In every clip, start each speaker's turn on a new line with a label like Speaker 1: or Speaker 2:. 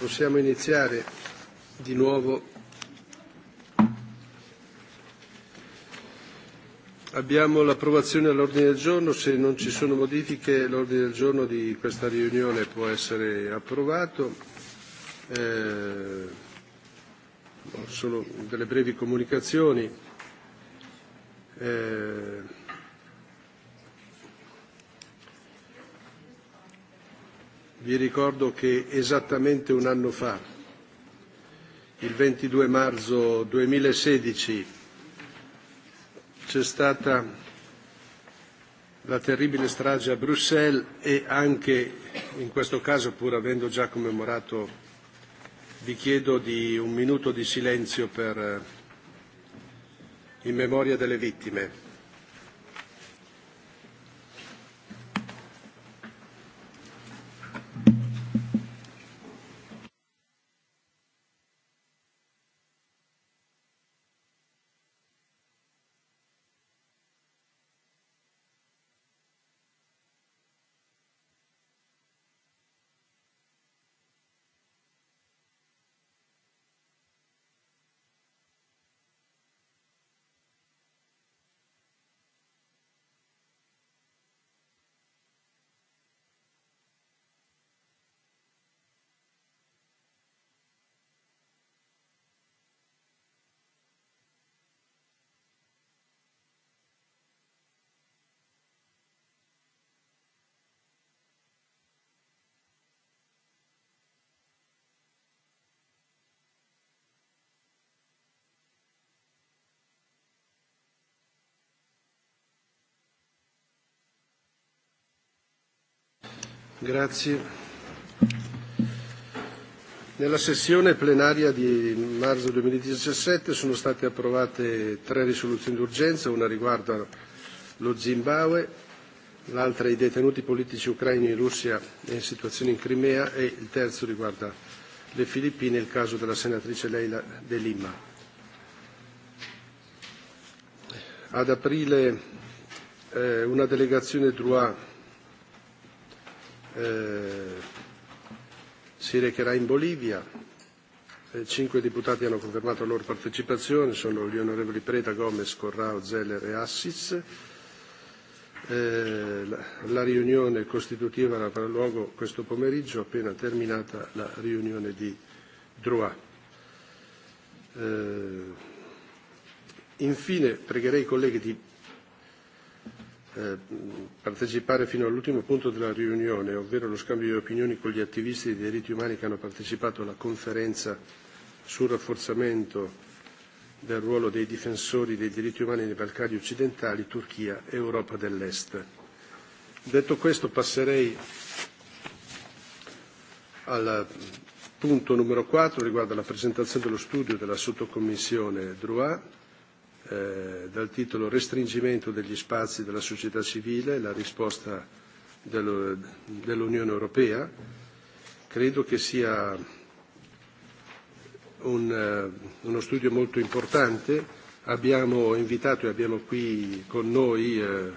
Speaker 1: possiamo iniziare di nuovo. Abbiamo l'approvazione all'ordine del giorno, se non ci sono modifiche l'ordine del giorno di questa riunione può essere approvato. Eh, solo delle brevi comunicazioni. Eh, Vi ricordo che esattamente un anno fa, il 22 marzo 2016, c'è stata la terribile strage a Bruxelles e anche in questo caso, pur avendo già commemorato, vi chiedo di un minuto di silenzio per, eh, in memoria delle vittime. Grazie. Nella sessione plenaria di marzo 2017 sono state approvate tre risoluzioni d'urgenza, una riguarda lo Zimbabwe, l'altra i detenuti politici ucraini in Russia e in situazione in Crimea e il terzo riguarda le Filippine, il caso della senatrice Leila De Lima. Ad aprile eh, una delegazione Droit Eh, si recherà in Bolivia. Eh, cinque deputati hanno confermato la loro partecipazione, sono gli onorevoli Preta Gomez, Corrao, Zeller e Assis. Eh, la, la riunione costitutiva avrà luogo questo pomeriggio, appena terminata la riunione di Droit. Eh, infine pregherei i colleghi di Eh, partecipare fino all'ultimo punto della riunione, ovvero lo scambio di opinioni con gli attivisti dei diritti umani che hanno partecipato alla conferenza sul rafforzamento del ruolo dei difensori dei diritti umani nei Balcani occidentali, Turchia e Europa dell'Est. Detto questo passerei al punto numero 4 riguarda la presentazione dello studio della sottocommissione Drouin. Eh, dal titolo Restringimento degli spazi della società civile, la risposta dell'Unione Europea. Credo che sia un, eh, uno studio molto importante. Abbiamo invitato e abbiamo qui con noi eh,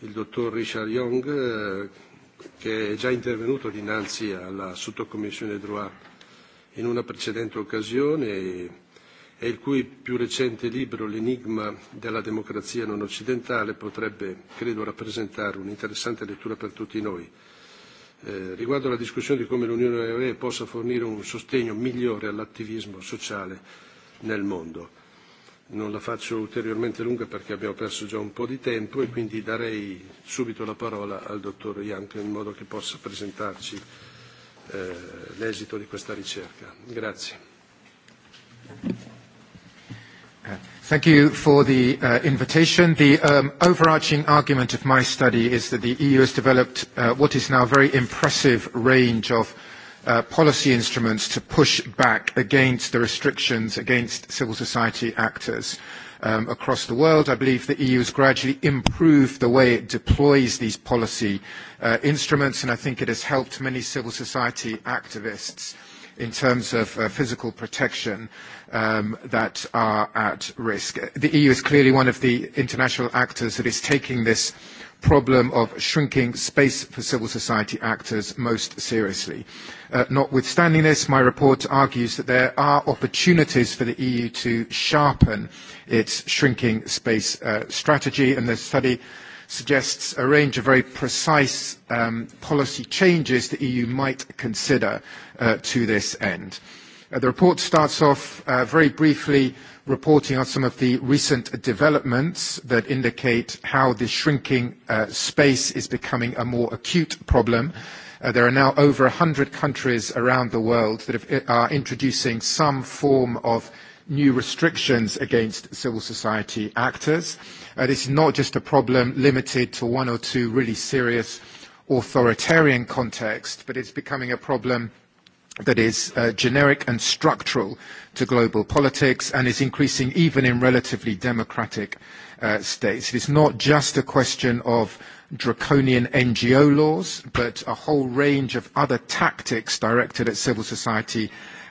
Speaker 1: il dottor Richard Young, eh, che è già intervenuto dinanzi alla sottocommissione Droit in una precedente occasione. E, e il cui più recente libro L'enigma della democrazia non occidentale potrebbe, credo, rappresentare un'interessante lettura per tutti noi. Eh, riguardo alla discussione di come l'Unione Europea possa fornire un sostegno migliore all'attivismo sociale nel mondo. Non la faccio ulteriormente lunga perché abbiamo perso già un po' di tempo e quindi darei subito la parola al dottor Jank in modo che possa presentarci eh, l'esito di questa ricerca. Grazie.
Speaker 2: Thank you for the uh, invitation. The um, overarching argument of my study is that the EU has developed uh, what is now a very impressive range of uh, policy instruments to push back against the restrictions against civil society actors um, across the world. I believe the EU has gradually improved the way it deploys these policy uh, instruments, and I think it has helped many civil society activists in terms of uh, physical protection um, that are at risk. The EU is clearly one of the international actors that is taking this problem of shrinking space for civil society actors most seriously. Uh, notwithstanding this, my report argues that there are opportunities for the EU to sharpen its shrinking space uh, strategy, and the study suggests a range of very precise um, policy changes the EU might consider uh, to this end. Uh, the report starts off uh, very briefly reporting on some of the recent developments that indicate how the shrinking uh, space is becoming a more acute problem. there are now over 100 countries around the world that are introducing some form of new restrictions against civil society actors. this is not just a problem limited to one or two really serious authoritarian contexts, but it's becoming a problem that is uh, generic and structural to global politics and is increasing even in relatively democratic uh, states. It is not just a question of draconian NGO laws, but a whole range of other tactics directed at civil society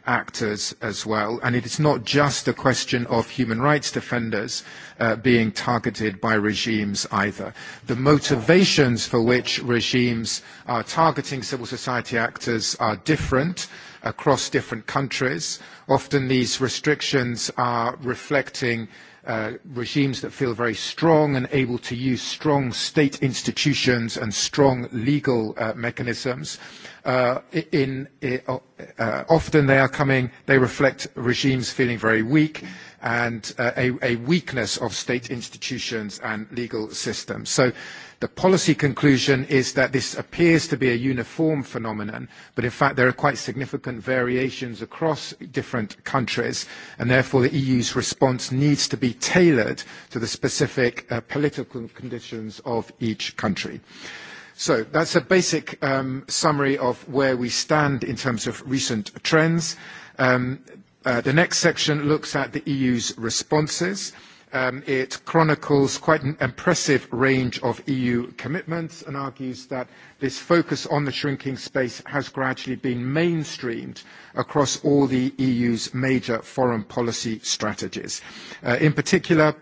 Speaker 2: actors as well. And it is not just a question of human rights defenders uh, being targeted by regimes either. The motivations for which regimes are targeting civil society actors are different across different countries. Often these restrictions are reflecting uh, regimes that feel very strong and able to use strong state institutions and strong legal uh, mechanisms. Uh, in, in, uh, often they are coming, they reflect regimes feeling very weak and uh, a, a weakness of state institutions and legal systems. So The policy conclusion is that this appears to be a uniform phenomenon, but in fact there are quite significant variations across different countries, and therefore the EU's response needs to be tailored to the specific uh, political conditions of each country. So that's a basic um, summary of where we stand in terms of recent trends. Um, uh, the next section looks at the EU's responses. Uh, Um, it chronicles quite an impressive range of EU commitments and argues that this focus on the shrinking space has gradually been mainstreamed across all the EU's major foreign policy strategies. Uh, in particular,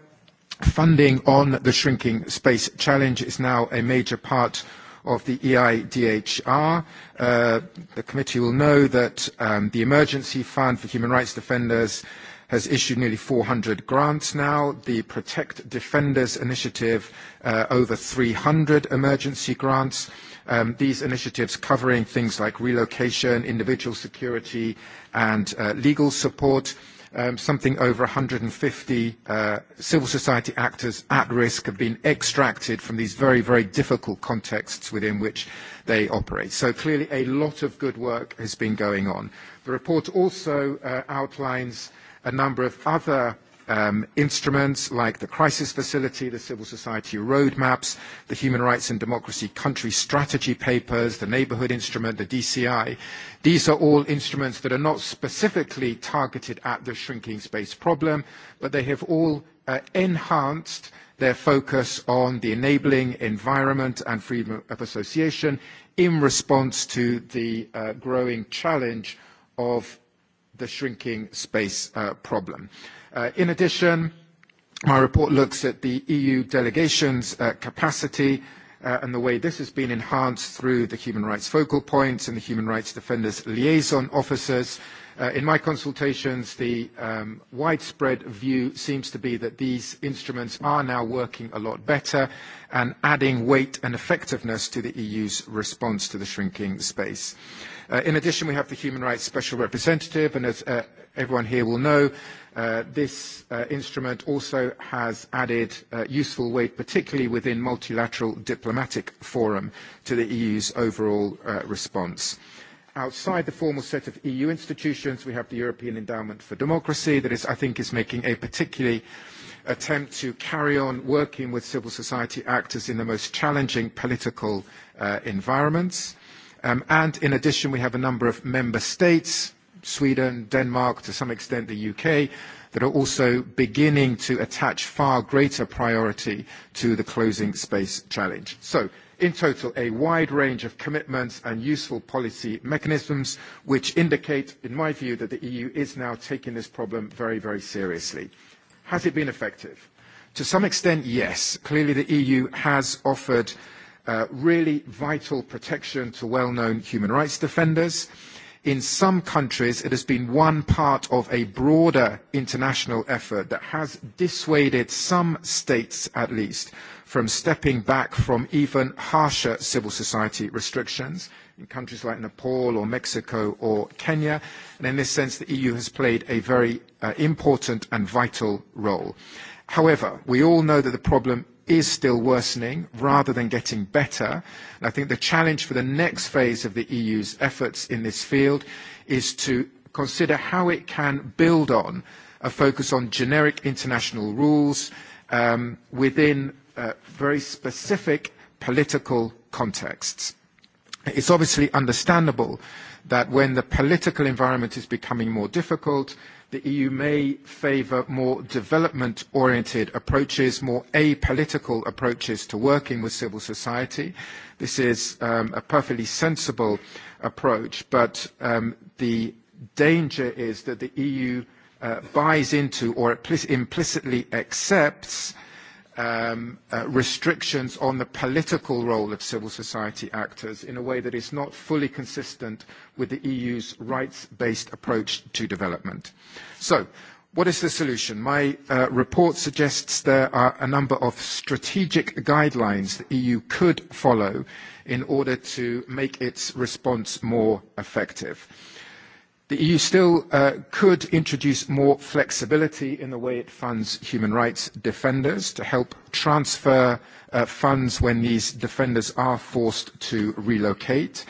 Speaker 2: funding on the shrinking space challenge is now a major part of the EIDHR. Uh, the committee will know that um, the Emergency Fund for Human Rights Defenders uh, has issued nearly 400 grants now. The Protect Defenders Initiative, uh, over 300 emergency grants. Um, these initiatives covering things like relocation, individual security, and uh, legal support. Um, something over 150 uh, civil society actors at risk have been extracted from these very, very difficult contexts within which they operate. So clearly a lot of good work has been going on. The report also uh, outlines uh, a number of other um, instruments like the crisis facility, the civil society roadmaps, the human rights and democracy country strategy papers, the neighborhood instrument, the DCI. These are all instruments that are not specifically targeted at the shrinking space problem, but they have all uh, enhanced their focus on the enabling environment and freedom of association in response to the uh, growing challenge of the shrinking space uh, problem. Uh, in addition, my report looks at the EU delegation's uh, capacity uh, and the way this has been enhanced through the human rights focal points and the human rights defenders liaison officers. Uh, in my consultations, the um, widespread view seems to be that these instruments are now working a lot better and adding weight and effectiveness to the EU's response to the shrinking space. Uh, Uh, in addition, we have the Human Rights Special Representative, and as uh, everyone here will know, uh, this uh, instrument also has added uh, useful weight, particularly within multilateral diplomatic forum, to the EU's overall uh, response. Outside the formal set of EU institutions, we have the European Endowment for Democracy that is, I think is making a particularly attempt to carry on working with civil society actors in the most challenging political uh, environments. Um, and in addition, we have a number of member states, Sweden, Denmark, to some extent the UK, that are also beginning to attach far greater priority to the closing space challenge. So, in total, a wide range of commitments and useful policy mechanisms, which indicate, in my view, that the EU is now taking this problem very, very seriously. Has it been effective? To some extent, yes. Clearly, the EU has offered Uh, really vital protection to well-known human rights defenders. In some countries, it has been one part of a broader international effort that has dissuaded some states, at least, from stepping back from even harsher civil society restrictions in countries like Nepal or Mexico or Kenya. And in this sense, the EU has played a very uh, important and vital role. However, we all know that the problem is still worsening rather than getting better. And I think the challenge for the next phase of the EU's efforts in this field is to consider how it can build on a focus on generic international rules um, within uh, very specific political contexts. It's obviously understandable that when the political environment is becoming more difficult, The EU may favour more development-oriented approaches, more apolitical approaches to working with civil society. This is um, a perfectly sensible approach, but um, the danger is that the EU uh, buys into or implicitly accepts um, uh, restrictions on the political role of civil society actors in a way that is not fully consistent with the EU's rights-based approach to development. So, what is the solution? My uh, report suggests there are a number of strategic guidelines the EU could follow in order to make its response more effective. The EU still uh, could introduce more flexibility in the way it funds human rights defenders to help transfer uh, funds when these defenders are forced to relocate.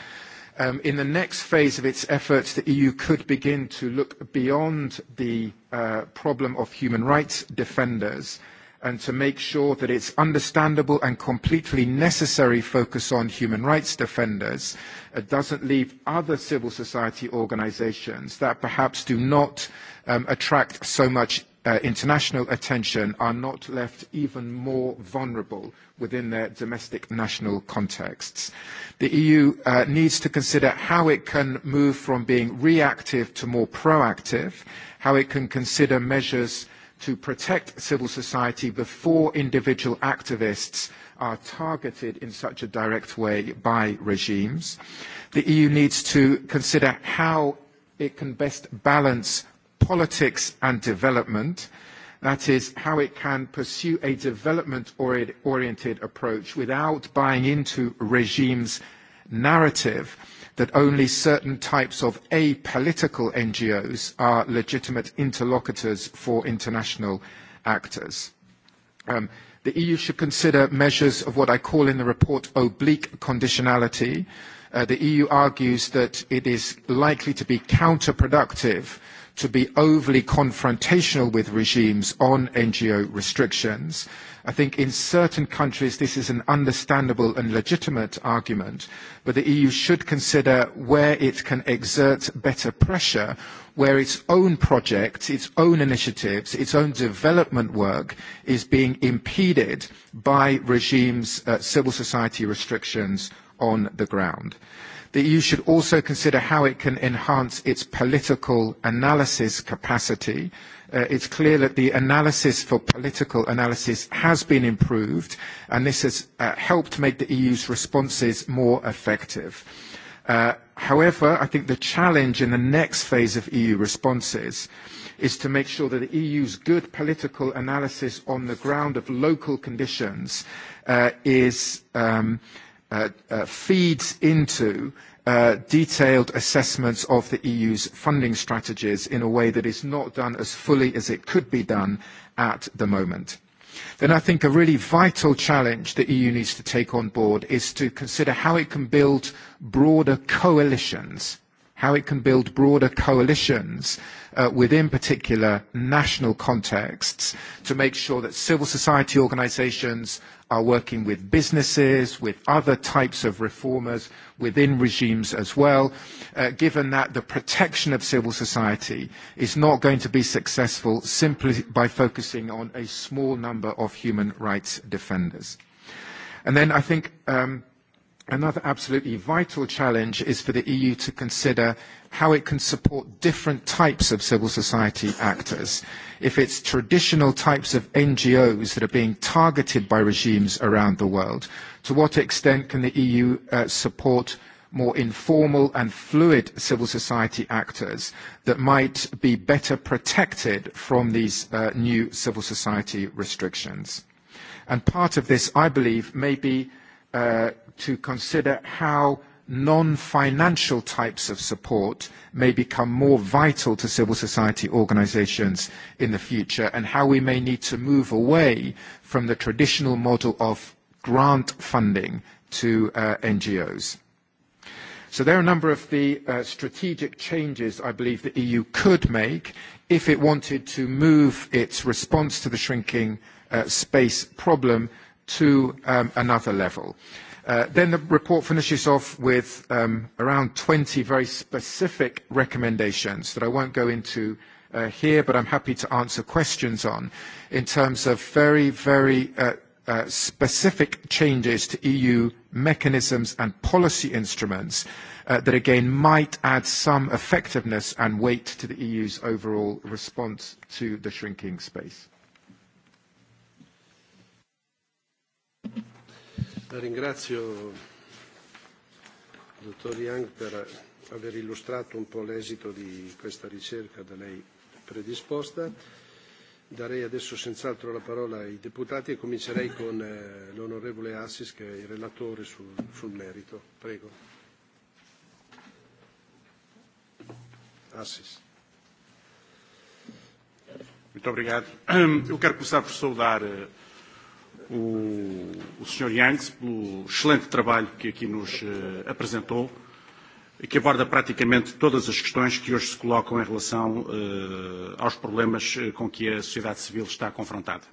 Speaker 2: Um, in the next phase of its efforts, the EU could begin to look beyond the uh, problem of human rights defenders and to make sure that its understandable and completely necessary focus on human rights defenders uh, doesn't leave other civil society organizations that perhaps do not um, attract so much uh, international attention are not left even more vulnerable within their domestic national contexts. The EU uh, needs to consider how it can move from being reactive to more proactive, how it can consider measures to protect civil society before individual activists are targeted in such a direct way by regimes. The EU needs to consider how it can best balance politics and development. That is, how it can pursue a development-oriented approach without buying into regimes' narrative that only certain types of apolitical NGOs are legitimate interlocutors for international actors. Um, the EU should consider measures of what I call in the report oblique conditionality. Uh, the EU argues that it is likely to be counterproductive to be overly confrontational with regimes on NGO restrictions I think in certain countries this is an understandable and legitimate argument, but the EU should consider where it can exert better pressure, where its own projects, its own initiatives, its own development work is being impeded by regimes' uh, civil society restrictions on the ground. The EU should also consider how it can enhance its political analysis capacity. Uh, it's clear that the analysis for political analysis has been improved, and this has uh, helped make the EU's responses more effective. Uh, however, I think the challenge in the next phase of EU responses is to make sure that the EU's good political analysis on the ground of local conditions uh, is um, Uh, uh, feeds into uh, detailed assessments of the EU's funding strategies in a way that is not done as fully as it could be done at the moment. Then I think a really vital challenge the EU needs to take on board is to consider how it can build broader coalitions how it can build broader coalitions uh, within particular national contexts to make sure that civil society organisations, are working with businesses, with other types of reformers within regimes as well, uh, given that the protection of civil society is not going to be successful simply by focusing on a small number of human rights defenders. And then I think um, Another absolutely vital challenge is for the EU to consider how it can support different types of civil society actors. If it's traditional types of NGOs that are being targeted by regimes around the world, to what extent can the EU uh, support more informal and fluid civil society actors that might be better protected from these uh, new civil society restrictions? And part of this, I believe, may be Uh, to consider how non-financial types of support may become more vital to civil society organizations in the future and how we may need to move away from the traditional model of grant funding to uh, NGOs. So there are a number of the uh, strategic changes I believe the EU could make if it wanted to move its response to the shrinking uh, space problem to um, another level. Uh, then the report finishes off with um, around 20 very specific recommendations that I won't go into uh, here, but I'm happy to answer questions on in terms of very, very uh, uh, specific changes to EU mechanisms and policy instruments uh, that again might add some effectiveness and weight to the EU's overall response to the shrinking space.
Speaker 1: La ringrazio, dottor Young, per aver illustrato un po' l'esito di questa ricerca da lei predisposta. Darei adesso senz'altro la parola ai deputati e comincerei con eh, l'onorevole Assis, che è il relatore sul, sul merito. Prego. Assis.
Speaker 3: Muito obrigado. Eu quero começar por saudar eh, o, o Sr. Yangs pelo excelente trabalho que aqui nos uh, apresentou e que aborda praticamente todas as questões que hoje se colocam em relação uh, aos problemas eh, com que a sociedade civil está confrontada.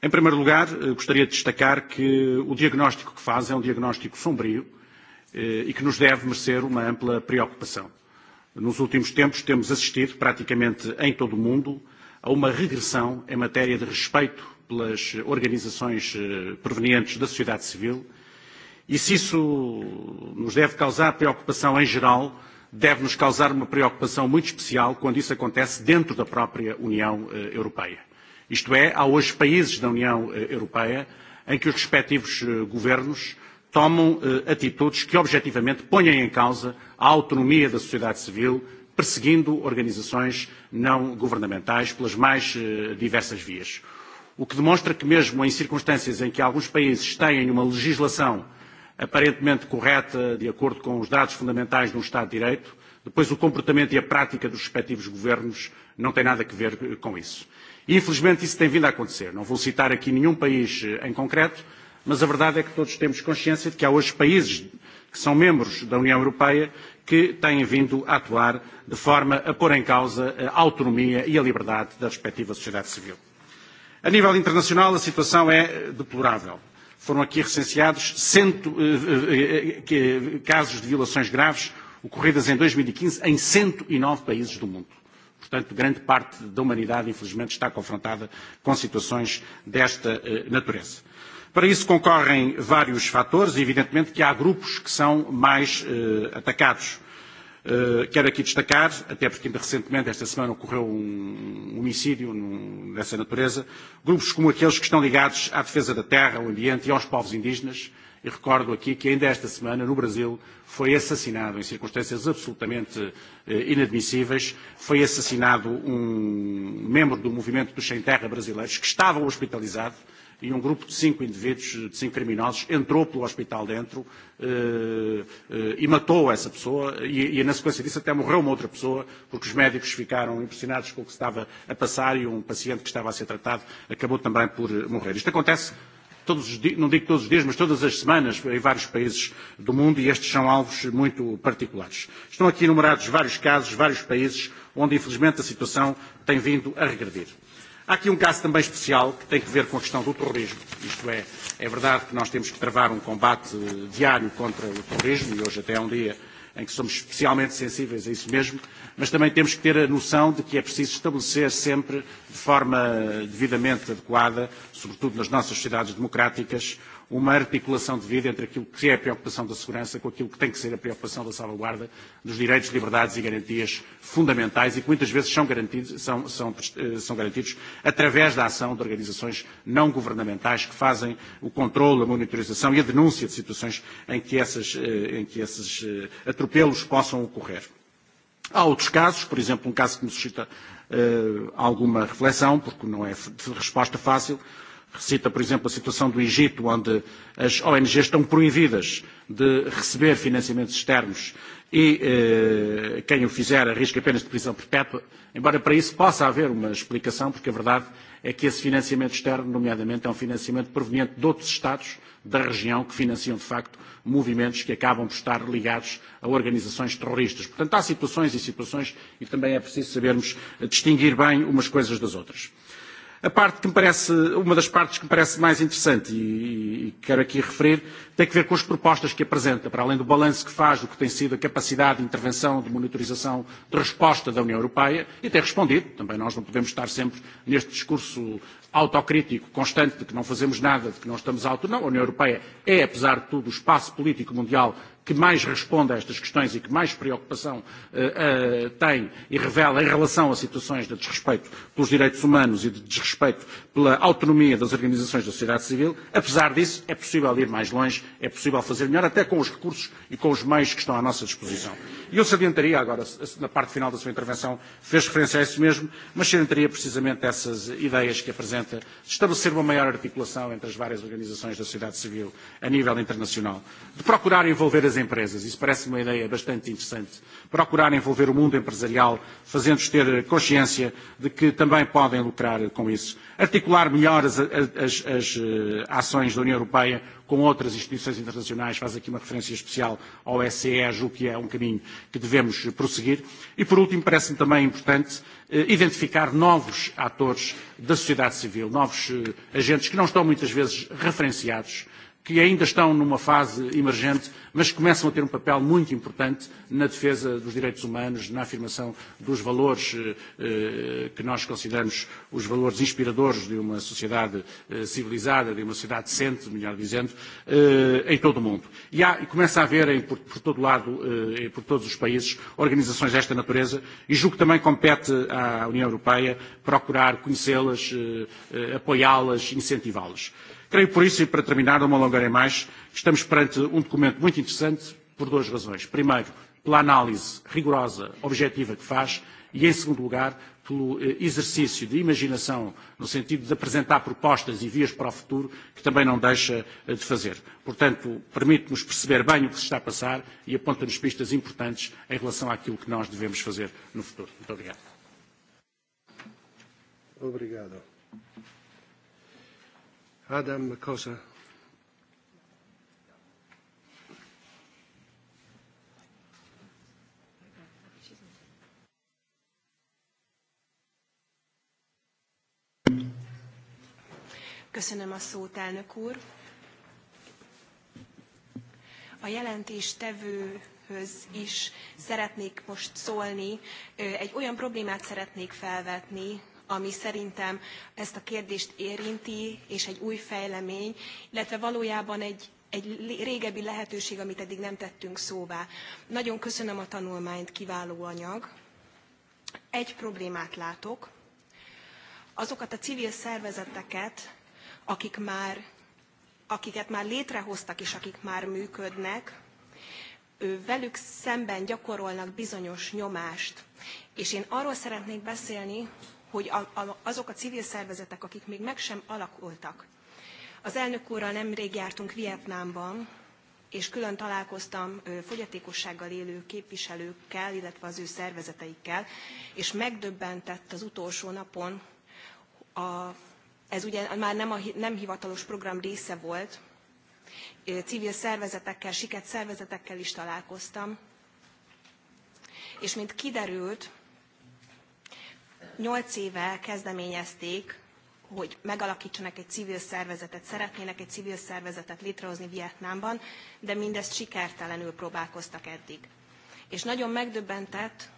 Speaker 3: Em primeiro lugar, gostaria de destacar que o diagnóstico que faz é um diagnóstico sombrio uh, e que nos deve merecer uma ampla preocupação. Nos últimos tempos temos assistido, praticamente em todo o mundo, a uma regressão em matéria de respeito pelas organizações eh, provenientes da sociedade civil, e se isso nos deve causar preocupação em geral, deve nos causar uma preocupação muito especial quando isso acontece dentro da própria União eh, Europeia. Isto é, há hoje países da União eh, Europeia em que os respectivos governos tomam atitudes que objetivamente ponham em causa a autonomia da sociedade civil, perseguindo organizações não governamentais pelas mais diversas vias o que demonstra que mesmo em circunstâncias em que alguns países têm uma legislação aparentemente correta, de acordo com os dados fundamentais de um Estado de Direito, depois o comportamento e a prática dos respectivos governos não têm nada a ver com isso. E, infelizmente isso tem vindo a acontecer. Não vou citar aqui nenhum país em concreto, mas a verdade é que todos temos consciência de que há hoje países que são membros da União Europeia que têm vindo a atuar de forma a pôr em causa a autonomia e a liberdade da respectiva sociedade civil. A nível internacional, a situação é eh, deplorável. Foram aqui recenseados 100 eh, eh, casos de violações graves ocorridas em 2015 e em 109 e países do mundo. Portanto, grande parte da humanidade, infelizmente, está confrontada com situações desta natureza. Para isso concorrem vários fatores, e, evidentemente que há grupos que são mais eh, atacados Eh, quero aqui destacar, até porque ainda recentemente, esta semana, ocorreu um, um homicídio dessa natureza, grupos como aqueles que estão ligados à defesa da terra, ao ambiente e aos povos indígenas. E recordo aqui que ainda esta semana, no Brasil, foi assassinado, em circunstâncias absolutamente eh, inadmissíveis, foi assassinado um membro do movimento dos Sem Terra brasileiros que estava hospitalizado e um grupo de cinco indivíduos, de cinco criminosos, entrou pelo hospital dentro eh, eh, e matou essa pessoa e, e, na sequência disso, até morreu uma outra pessoa, porque os médicos ficaram impressionados com o que estava a passar e um paciente que estava a ser tratado acabou também por eh, morrer. Isto acontece todos os dias, não digo todos os dias, mas todas as semanas em vários países do mundo e estes são alvos muito particulares. Estão aqui enumerados vários casos, vários países onde infelizmente a situação tem vindo a regredir. Há aqui um caso também especial que tem que ver com a questão do terrorismo. Isto é, é verdade que nós temos que travar um combate eh, diário contra o terrorismo e hoje até é um dia em que somos especialmente sensíveis a isso mesmo, mas também temos que ter a noção de que é preciso estabelecer sempre, de forma eh, devidamente adequada, sobretudo nas nossas sociedades democráticas, uma articulação de vida entre aquilo que é a preocupação da segurança com aquilo que tem que ser a preocupação da salvaguarda dos direitos, liberdades e garantias fundamentais e que muitas vezes são garantidos, são, são, eh, são garantidos através da ação de organizações não governamentais que fazem o controle, a monitorização e a denúncia de situações em que, essas, eh, em que esses eh, atropelos possam ocorrer. Há outros casos, por exemplo, um caso que me suscita uh, alguma reflexão, porque não é de resposta fácil, Recita, por exemplo, a situação do Egito, onde as ONGs estão proibidas de receber financiamentos externos e eh, quem o fizer arrisca apenas de prisão perpétua, embora para isso possa haver uma explicação, porque a verdade é que esse financiamento externo, nomeadamente, é um financiamento proveniente de outros Estados da região que financiam, de facto, movimentos que acabam por estar ligados a organizações terroristas. Portanto, há situações e situações e também é preciso sabermos distinguir bem umas coisas das outras. A parte que me parece, uma das partes que me parece mais interessante e, e, e quero aqui referir, tem que ver com as propostas que apresenta, para além do balanço que faz do que tem sido a capacidade de intervenção, de monitorização, de resposta da União Europeia, e tem respondido, também nós não podemos estar sempre neste discurso autocrítico constante de que não fazemos nada, de que não estamos alto. Não, a União Europeia é, apesar de tudo, o espaço político mundial que mais responde a estas questões e que mais preocupação uh, uh, tem e revela em relação a situações de desrespeito pelos direitos humanos e de desrespeito pela autonomia das organizações da sociedade civil. Apesar disso, é possível ir mais longe, é possível fazer melhor, até com os recursos e com os meios que estão à nossa disposição. E eu salientaria agora, na parte final da sua intervenção, fez referência a isso mesmo, mas salientaria precisamente essas ideias que apresenta, estabelecer uma maior articulação entre as várias organizações da sociedade civil a nível internacional, de procurar envolver as das empresas. Isso parece uma ideia bastante interessante. Procurar envolver o mundo empresarial, fazendo-os ter consciência de que também podem lucrar com isso. Articular melhor as, as, as eh, ações da União Europeia com outras instituições internacionais, faz aqui uma referência especial ao SE, o que é um caminho que devemos prosseguir. E, por último, parece-me também importante eh, identificar novos atores da sociedade civil, novos eh, agentes que não estão muitas vezes referenciados que ainda estão numa fase emergente, mas começam a ter um papel muito importante na defesa dos direitos humanos, na afirmação dos valores eh, eh, que nós consideramos os valores inspiradores de uma sociedade eh, civilizada, de uma sociedade decente, melhor dizendo, em todo o mundo. E, há, e começa a haver em, por, por todo lado, e por todos os países, organizações desta natureza, e julgo que também compete à União Europeia procurar conhecê-las, apoiá-las, incentivá-las. Creio por isso, e para terminar, não me alongarei mais, estamos perante um documento muito interessante por duas razões. Primeiro, pela análise rigorosa, objetiva que faz, e em segundo lugar, pelo eh, exercício de imaginação, no sentido de apresentar propostas e vias para o futuro, que também não deixa eh, de fazer. Portanto, permite-nos perceber bem o que se está a passar e aponta-nos pistas importantes em relação àquilo que nós devemos fazer no futuro. Muito obrigado.
Speaker 1: Obrigado. Adam Makosa.
Speaker 4: Köszönöm a szót, elnök úr. A jelentés tevőhöz is szeretnék most szólni. Egy olyan problémát szeretnék felvetni, ami szerintem ezt a kérdést érinti, és egy új fejlemény, illetve valójában egy egy régebbi lehetőség, amit eddig nem tettünk szóvá. Nagyon köszönöm a tanulmányt, kiváló anyag. Egy problémát látok. Azokat a civil szervezeteket, akik már, akiket már létrehoztak és akik már működnek, velük szemben gyakorolnak bizonyos nyomást. És én arról szeretnék beszélni, hogy a, a, azok a civil szervezetek, akik még meg sem alakultak. Az elnök úrral nemrég jártunk Vietnámban, és külön találkoztam fogyatékossággal élő képviselőkkel, illetve az ő szervezeteikkel, és megdöbbentett az utolsó napon, a, ez ugye már nem, a, nem hivatalos program része volt, civil szervezetekkel, siket szervezetekkel is találkoztam, és mint kiderült, nyolc éve kezdeményezték, hogy megalakítsanak egy civil szervezetet, szeretnének egy civil szervezetet létrehozni Vietnámban, de mindezt sikertelenül próbálkoztak eddig. És nagyon megdöbbentett,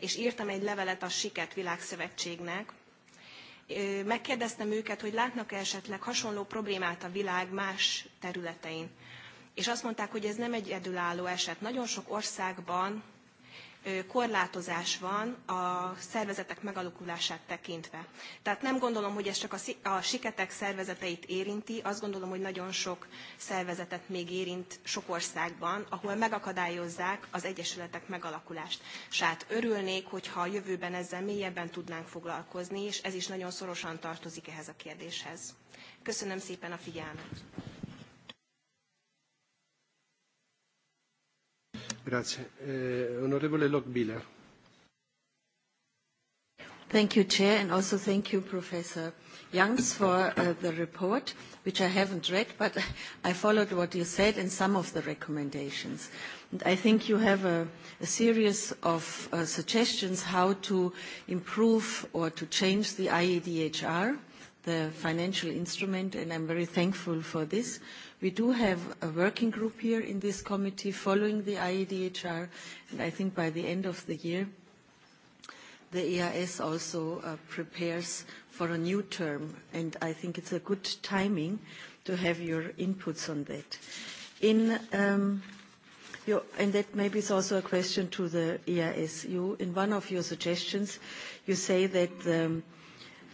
Speaker 4: és írtam egy levelet a Siket Világszövetségnek, megkérdeztem őket, hogy látnak-e esetleg hasonló problémát a világ más területein. És azt mondták, hogy ez nem egy egyedülálló eset. Nagyon sok országban korlátozás van a szervezetek megalakulását tekintve. Tehát nem gondolom, hogy ez csak a, a siketek szervezeteit érinti, azt gondolom, hogy nagyon sok szervezetet még érint sok országban, ahol megakadályozzák az egyesületek megalakulást. Sát örülnék, hogyha a jövőben ezzel mélyebben tudnánk foglalkozni, és ez is nagyon szorosan tartozik ehhez a kérdéshez. Köszönöm szépen a figyelmet!
Speaker 1: Grazie. Eh, onorevole Lockbiller.
Speaker 5: Thank you, Chair, and also thank you, Professor Youngs, for uh, the report, which I haven't read, but I followed what you said and some of the recommendations. And I think you have a, a series of uh, suggestions how to improve or to change the IEDHR, the financial instrument, and I'm very thankful for this. Uh, We do have a working group here in this committee following the IEDHR, and I think by the end of the year, the EIS also uh, prepares for a new term, and I think it's a good timing to have your inputs on that. In, um, your, and that maybe is also a question to the EIS. You, in one of your suggestions, you say that um,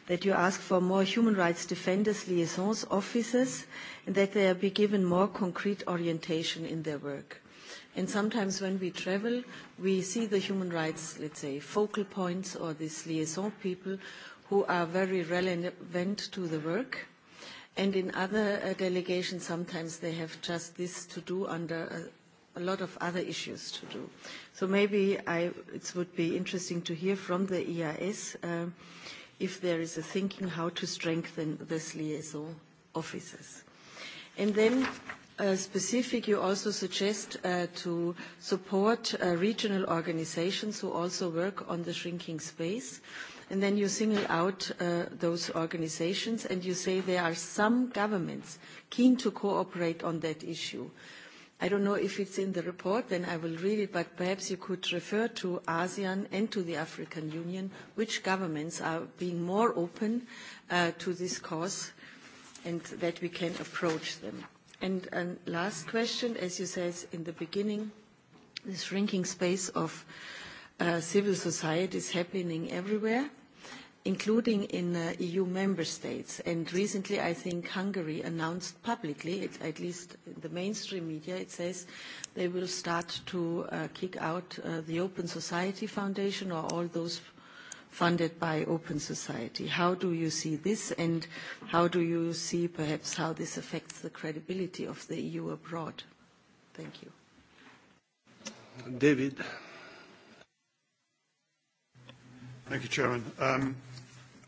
Speaker 5: that you ask for more human rights defenders, liaisons, officers, and that they be given more concrete orientation in their work. And sometimes when we travel, we see the human rights, let's say, focal points or these liaison people who are very relevant to the work. And in other uh, delegations, sometimes they have just this to do under a, uh, a lot of other issues to do. So maybe I, it would be interesting to hear from the EIS. Uh, if there is a thinking how to strengthen this liaison e offices. And then uh, specific, you also suggest uh, to support uh, regional organizations who also work on the shrinking space. And then you single out uh, those organizations and you say there are some governments keen to cooperate on that issue. I don't know if it's in the report, then I will read it, but perhaps you could refer to ASEAN and to the African Union, which governments are being more open uh, to this cause and that we can approach them. And, and last question, as you said in the beginning, the shrinking space of uh, civil society is happening everywhere including in uh, EU member states. And recently, I think Hungary announced publicly, it, at least in the mainstream media, it says they will start to uh, kick out uh, the Open Society Foundation or all those funded by Open Society. How do you see this and how do you see perhaps how this affects the credibility of the EU abroad? Thank you.
Speaker 6: David. Thank you, Chairman. Um,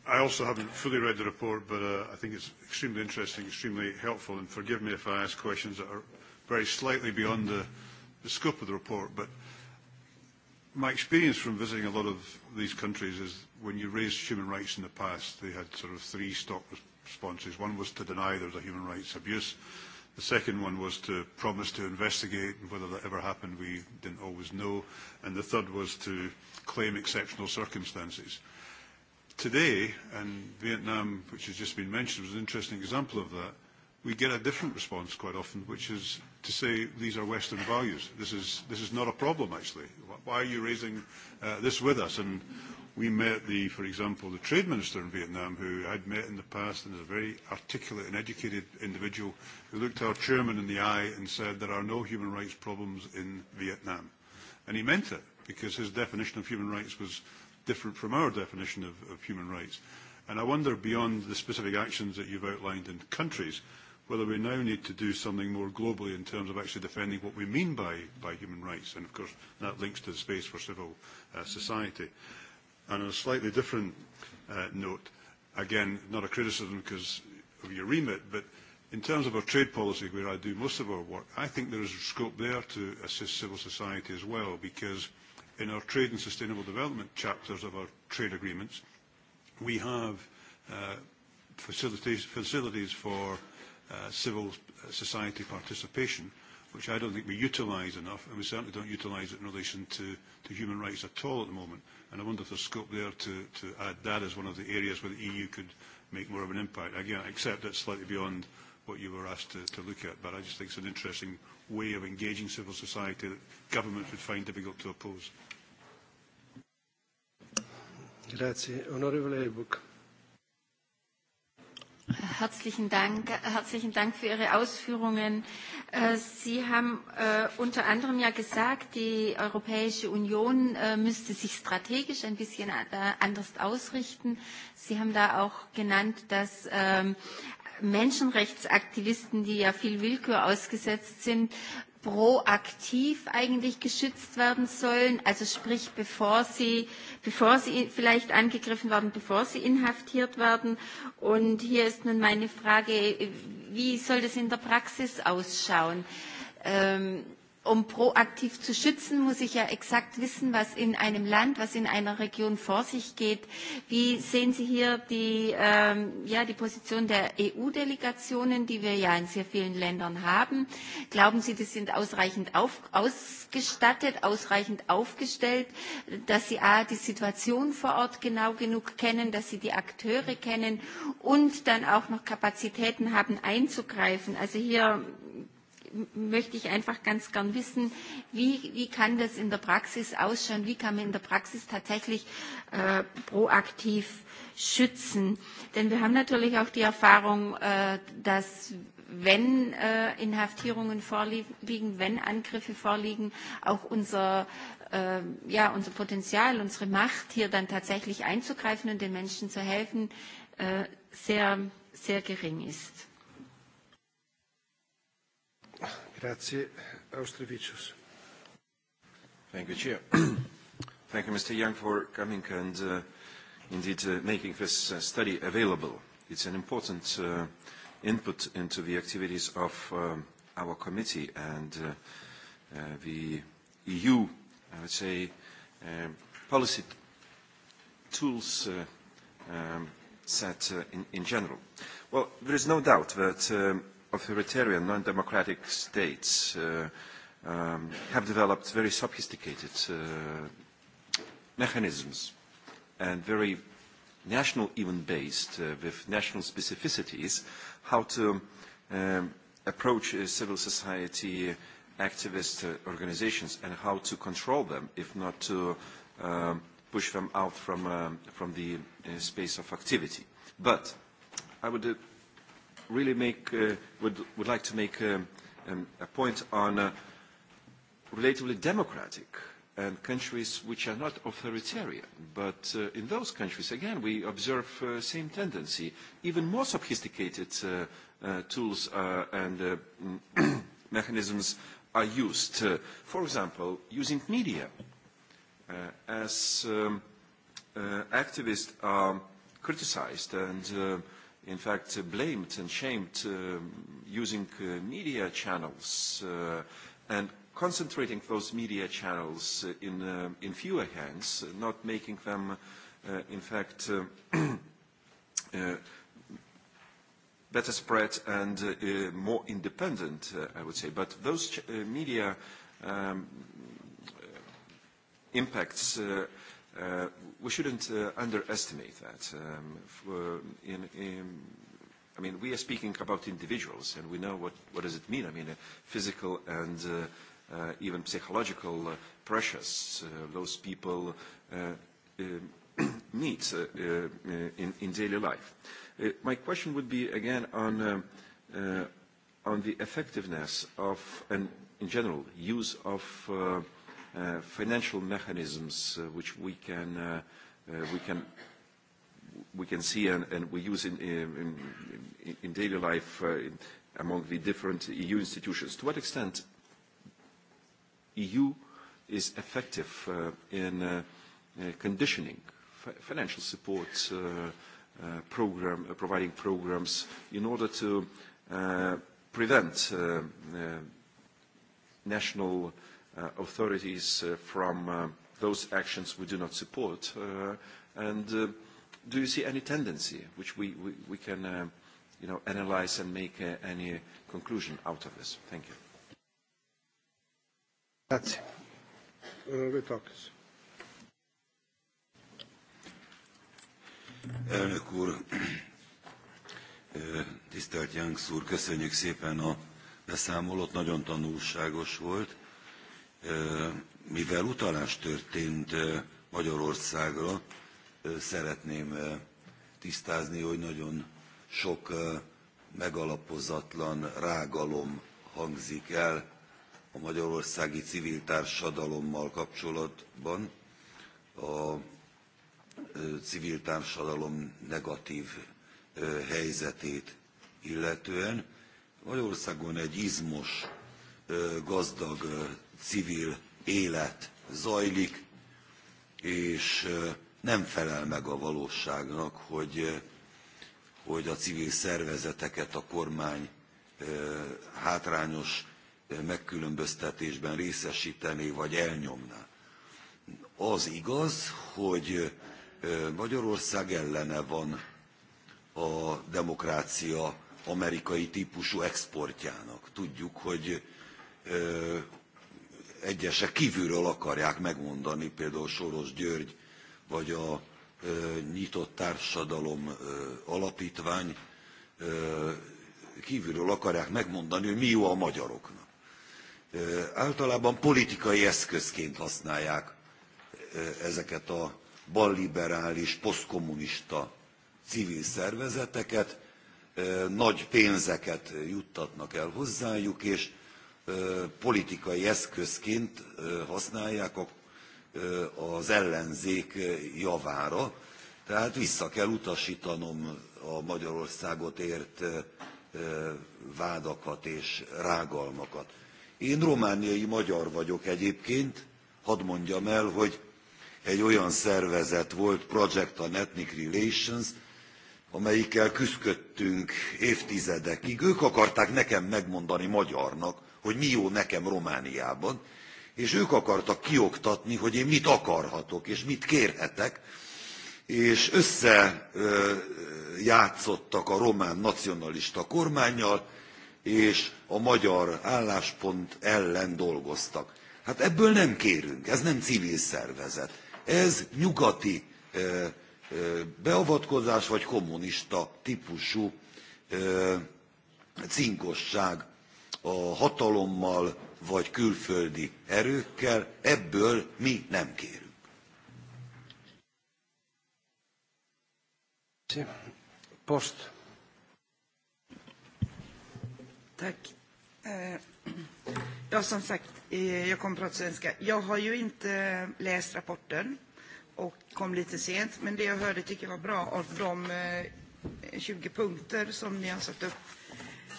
Speaker 6: I also haven't fully read the report, but uh, I think it's extremely interesting, extremely helpful, and forgive me if I ask questions that are very slightly beyond the, the scope of the report, but my experience from visiting a lot of these countries is when you raised human rights in the past, they had sort of three stock responses. One was to deny there was a human rights abuse. The second one was to promise to investigate, and whether that ever happened, we didn't always know. And the third was to claim exceptional circumstances. Today, and Vietnam, which has just been mentioned, was an interesting example of that, we get a different response quite often, which is to say these are Western values. This is, this is not a problem, actually. Why are you raising uh, this with us? And we met, the, for example, the trade minister in Vietnam, who I'd met in the past and is a very articulate and educated individual, who looked our chairman in the eye and said there are no human rights problems in Vietnam. And he meant it, because his definition of human rights was different from our definition of, of human rights. And I wonder, beyond the specific actions that you've outlined in countries, whether we now need to do something more globally in terms of actually defending what we mean by, by human rights. And of course, that links to the space for civil uh, society. And on a slightly different uh, note, again, not a criticism because of your remit, but in terms of our trade policy, where I do most of our work, I think there is scope there to assist civil society as well, because – in our trade and sustainable development chapters of our trade agreements, we have uh, facilities, facilities for uh, civil uh, society participation, which I don't think we utilise enough, and we certainly don't utilise it in relation to, to human rights at all at the moment. And I wonder if there's scope there to, to add that as one of the areas where the EU could make more of an impact. Again, I accept that's slightly beyond what you were asked to, to look at, but I just think it's an interesting way of engaging civil society that government would find difficult to oppose.
Speaker 1: Grazie. Onorevole
Speaker 7: Herzlichen Dank, herzlichen Dank für Ihre Ausführungen. Äh, Sie haben äh, unter anderem ja gesagt, die Europäische Union äh, müsste sich strategisch ein bisschen anders ausrichten. Sie haben da auch genannt, dass ähm, Menschenrechtsaktivisten, die ja viel Willkür ausgesetzt sind, proaktiv eigentlich geschützt werden sollen, also sprich bevor sie, bevor sie vielleicht angegriffen werden, bevor sie inhaftiert werden. Und hier ist nun meine Frage, wie soll das in der Praxis ausschauen? Ähm, um proaktiv zu schützen, muss ich ja exakt wissen, was in einem Land, was in einer Region vor sich geht. Wie sehen Sie hier die, ähm, ja, die Position der EU-Delegationen, die wir ja in sehr vielen Ländern haben? Glauben Sie, die sind ausreichend auf, ausgestattet, ausreichend aufgestellt, dass sie A, die Situation vor Ort genau genug kennen, dass sie die Akteure kennen und dann auch noch Kapazitäten haben, einzugreifen? Also hier möchte ich einfach ganz gern wissen, wie, wie kann das in der Praxis ausschauen, wie kann man in der Praxis tatsächlich äh, proaktiv schützen. Denn wir haben natürlich auch die Erfahrung, äh, dass wenn äh, Inhaftierungen vorliegen, wenn Angriffe vorliegen, auch unser, äh, ja, unser Potenzial, unsere Macht hier dann tatsächlich einzugreifen und den Menschen zu helfen, äh, sehr, sehr gering ist.
Speaker 1: Grazie,
Speaker 8: Thank you, Chair. Thank you, Mr. Young, for coming and uh, indeed uh, making this uh, study available. It's an important uh, input into the activities of um, our committee and uh, uh, the EU, I would say, uh, policy tools uh, um, set uh, in, in general. Well, there is no doubt that um, authoritarian, non-democratic states uh, um, have developed very sophisticated uh, mechanisms and very national even based uh, with national specificities how to um, approach uh, civil society activist uh, organizations and how to control them if not to um, push them out from, um, from the uh, space of activity. But I would uh, really make, uh, would, would like to make um, um, a point on uh, relatively democratic and uh, countries which are not authoritarian. But uh, in those countries, again, we observe uh, same tendency, even more sophisticated uh, uh, tools uh, and uh, mechanisms are used. Uh, for example, using media. Uh, as um, uh, activists are criticized and uh, in fact, uh, blamed and shamed uh, using uh, media channels uh, and concentrating those media channels uh, in, uh, in fewer hands, uh, not making them, uh, in fact, uh, uh, better spread and uh, uh, more independent, uh, I would say. But those ch uh, media um, impacts uh, Uh, we shouldn't uh, underestimate that. Um, for, in, in, I mean, we are speaking about individuals, and we know what, what does it mean. I mean, uh, physical and uh, uh, even psychological uh, pressures uh, those people uh, uh, um, need uh, uh, in, in daily life. Uh, my question would be, again, on, uh, uh, on the effectiveness of, and in general, use of uh, Uh, financial mechanisms uh, which we can, uh, uh, we can, we can see and, and we use in, in, in, in daily life uh, in, among the different EU institutions. To what extent EU is effective uh, in uh, uh, conditioning financial support uh, uh, program, uh, providing programs in order to uh, prevent uh, uh, national uh, uh, authorities uh, from uh, those actions we do not support? Uh, and uh, do you see any tendency which we, we, we can uh, you know, analyze and make uh, any conclusion out of this? Thank you. Grazie.
Speaker 1: Onorevole uh, Tocques.
Speaker 9: Elnök úr, tisztelt Jánk úr, köszönjük szépen a beszámolót, nagyon tanulságos volt mivel utalás történt Magyarországra, szeretném tisztázni, hogy nagyon sok megalapozatlan rágalom hangzik el a magyarországi civil társadalommal kapcsolatban. A civil társadalom negatív helyzetét illetően. Magyarországon egy izmos, gazdag civil élet zajlik, és nem felel meg a valóságnak, hogy, hogy a civil szervezeteket a kormány hátrányos megkülönböztetésben részesítené vagy elnyomná. Az igaz, hogy Magyarország ellene van a demokrácia amerikai típusú exportjának. Tudjuk, hogy egyesek kívülről akarják megmondani, például Soros György vagy a nyitott társadalom alapítvány kívülről akarják megmondani, hogy mi jó a magyaroknak. Általában politikai eszközként használják ezeket a balliberális, posztkommunista civil szervezeteket, nagy pénzeket juttatnak el hozzájuk, és politikai eszközként használják az ellenzék javára. Tehát vissza kell utasítanom a Magyarországot ért vádakat és rágalmakat. Én romániai magyar vagyok egyébként, hadd mondjam el, hogy egy olyan szervezet volt, Project on Ethnic Relations, amelyikkel küzdködtünk évtizedekig. Ők akarták nekem megmondani magyarnak, hogy mi jó nekem Romániában, és ők akartak kioktatni, hogy én mit akarhatok, és mit kérhetek, és összejátszottak a román nacionalista kormányjal, és a magyar álláspont ellen dolgoztak. Hát ebből nem kérünk, ez nem civil szervezet. Ez nyugati beavatkozás vagy kommunista típusú cinkosság a hatalommal vagy külföldi erőkkel, ebből mi nem kérünk.
Speaker 1: Post. Tack. Eh,
Speaker 10: ja, som sagt, eh, jag kommer prata svenska. Jag har ju inte läst rapporten och kom lite sent, men det jag hörde tycker jag var bra av de 20 punkter som ni har satt upp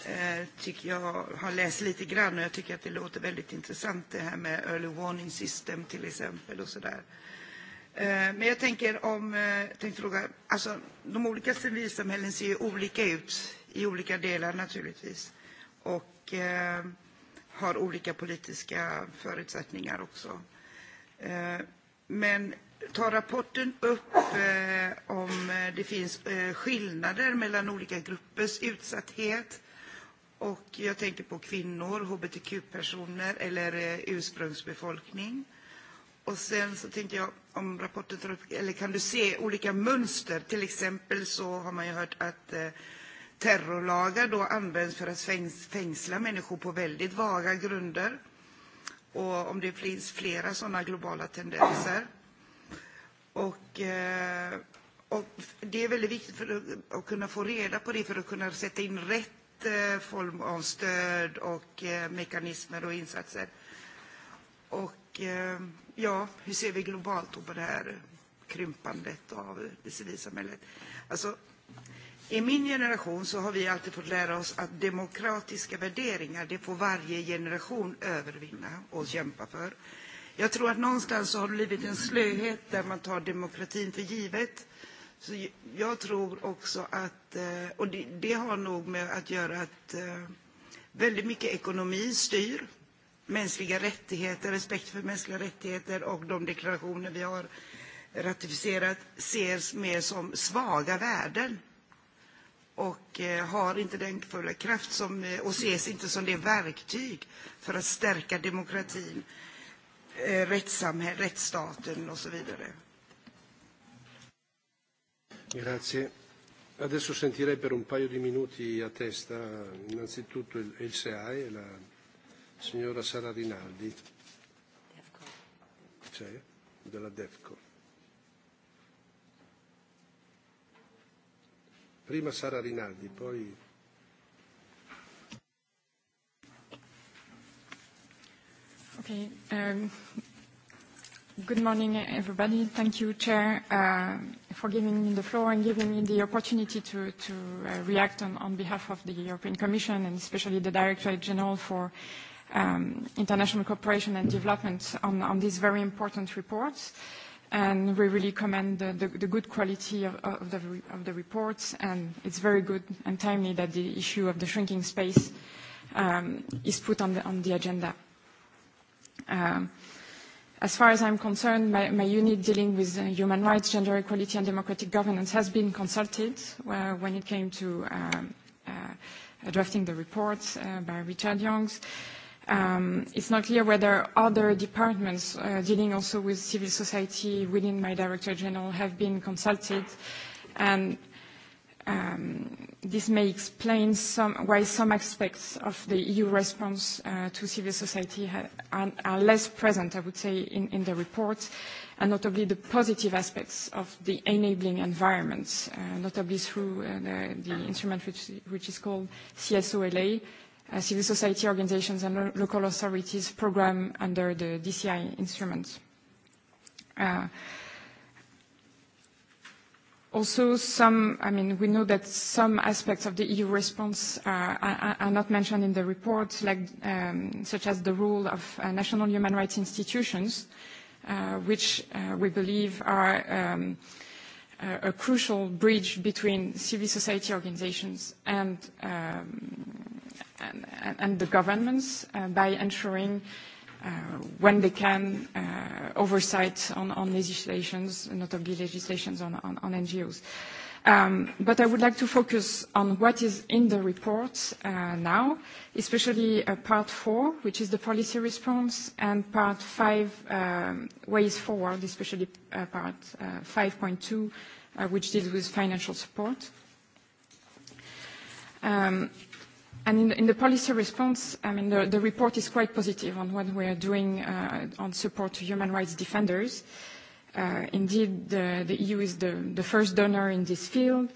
Speaker 10: Eh, tycker jag har läst lite grann och jag tycker att det låter väldigt intressant det här med early warning system till exempel och sådär. Eh, men jag tänker om, eh, jag tänkte fråga, alltså de olika civilsamhällen ser ju olika ut i olika delar naturligtvis och eh, har olika politiska förutsättningar också. Eh, men tar rapporten upp eh, om det finns eh, skillnader mellan olika gruppers utsatthet Och jag tänker på kvinnor, hbtq-personer eller eh, ursprungsbefolkning. Och sen så tänkte jag om rapporten tar upp, eller kan du se olika mönster? Till exempel så har man ju hört att eh, terrorlagar då används för att fängs fängsla människor på väldigt vaga grunder. Och om det finns flera sådana globala tendenser. Och, eh, och det är väldigt viktigt för att, att kunna få reda på det för att kunna sätta in rätt Eh, form av stöd och eh, mekanismer och insatser. Och eh, ja, hur ser vi globalt på det här krympandet av det civilsamhället? Alltså, i min generation så har vi alltid fått lära oss att demokratiska värderingar, det får varje generation övervinna och kämpa för. Jag tror att någonstans så har det blivit en slöhet där man tar demokratin för givet Så jag tror också att, eh, och det, det har nog med att göra att eh, väldigt mycket ekonomi styr mänskliga rättigheter, respekt för mänskliga rättigheter och de deklarationer vi har ratificerat ses mer som svaga värden och eh, har inte den fulla kraft som, och ses inte som det verktyg för att stärka demokratin, rättssamhället, rättsstaten och så
Speaker 1: vidare. Grazie. Adesso sentirei per un paio di minuti a testa innanzitutto il, il SEAE e la signora Sara Rinaldi. Cioè, Della DEFCO. Prima Sara Rinaldi, poi...
Speaker 11: Okay. Um, Good morning, everybody. Thank you, Chair, uh, for giving me the floor and giving me the opportunity to, to uh, react on, on behalf of the European Commission and especially the Directorate General for um, International Cooperation and Development on, on these very important reports. And we really commend the, the, the good quality of, of, the, of the reports, and it's very good and timely that the issue of the shrinking space um, is put on the, on the agenda. Um, As far as I'm concerned, my, my unit dealing with uh, human rights, gender equality and democratic governance has been consulted uh, when it came to um, uh, drafting the reports uh, by Richard Youngs. Um, it's not clear whether other departments uh, dealing also with civil society within my Director General have been consulted. And Um, this may explain some, why some aspects of the EU response uh, to civil society ha, are, are less present, I would say, in, in the report, and notably the positive aspects of the enabling environment, uh, notably through uh, the, the instrument which, which is called CSOLA, uh, civil society organizations and local authorities program under the DCI instrument. Uh, Also, some, I mean, we know that some aspects of the EU response uh, are, are not mentioned in the report, like, um, such as the role of uh, national human rights institutions, uh, which uh, we believe are um, a, uh, a crucial bridge between civil society organizations and, um, and, and the governments uh, by ensuring uh, uh, when they can, uh, oversight on, on legislations, notably legislations on, on, on NGOs. Um, but I would like to focus on what is in the report uh, now, especially uh, part four, which is the policy response, and part five, um, ways forward, especially uh, part uh, 5.2, uh, which deals with financial support. Um, And in, in the policy response, I mean, the, the report is quite positive on what we are doing uh, on support to human rights defenders. Uh, indeed, the, the EU is the, the first donor in this field.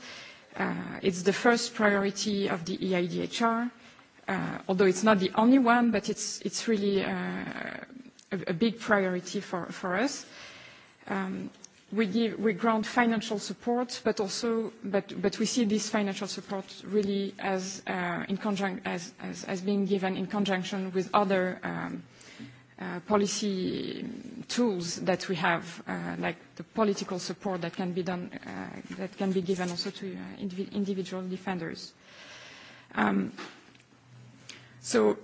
Speaker 11: Uh, it's the first priority of the EIDHR, uh, although it's not the only one, but it's, it's really uh, a, a big priority for, for us. Um, we, give, we grant financial support, but also, but, but we see this financial support really as, uh, in conjunct, as, as, as being given in conjunction with other um, uh, policy tools that we have, uh, like the political support that can be done, uh, that can be given also to uh, indiv individual defenders. Um, so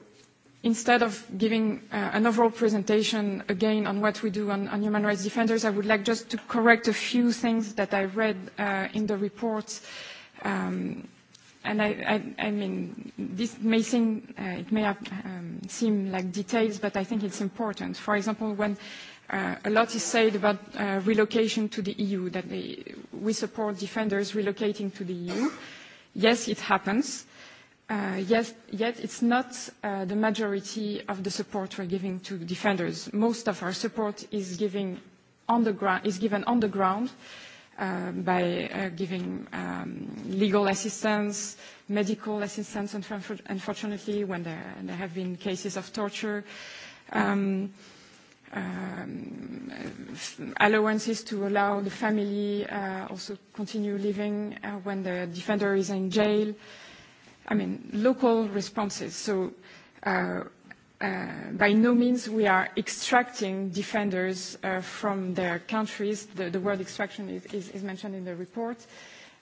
Speaker 11: instead of giving uh, an overall presentation again on what we do on, on human rights defenders, I would like just to correct a few things that I read uh, in the report. Um, and I, I, I mean, this may seem, uh, it may have, um, seem like details, but I think it's important. For example, when uh, a lot is said about uh, relocation to the EU, that they, we support defenders relocating to the EU. Yes, it happens. Uh, yes, yet it's not uh, the majority of the support we're giving to defenders. Most of our support is, giving on the ground, is given on the ground uh, by uh, giving um, legal assistance, medical assistance, unfortunately, when there, there have been cases of torture, um, um, allowances to allow the family uh, also continue living uh, when the defender is in jail, I mean, local responses. So uh, uh, by no means we are extracting defenders uh, from their countries. The, the word extraction is, is, is mentioned in the report.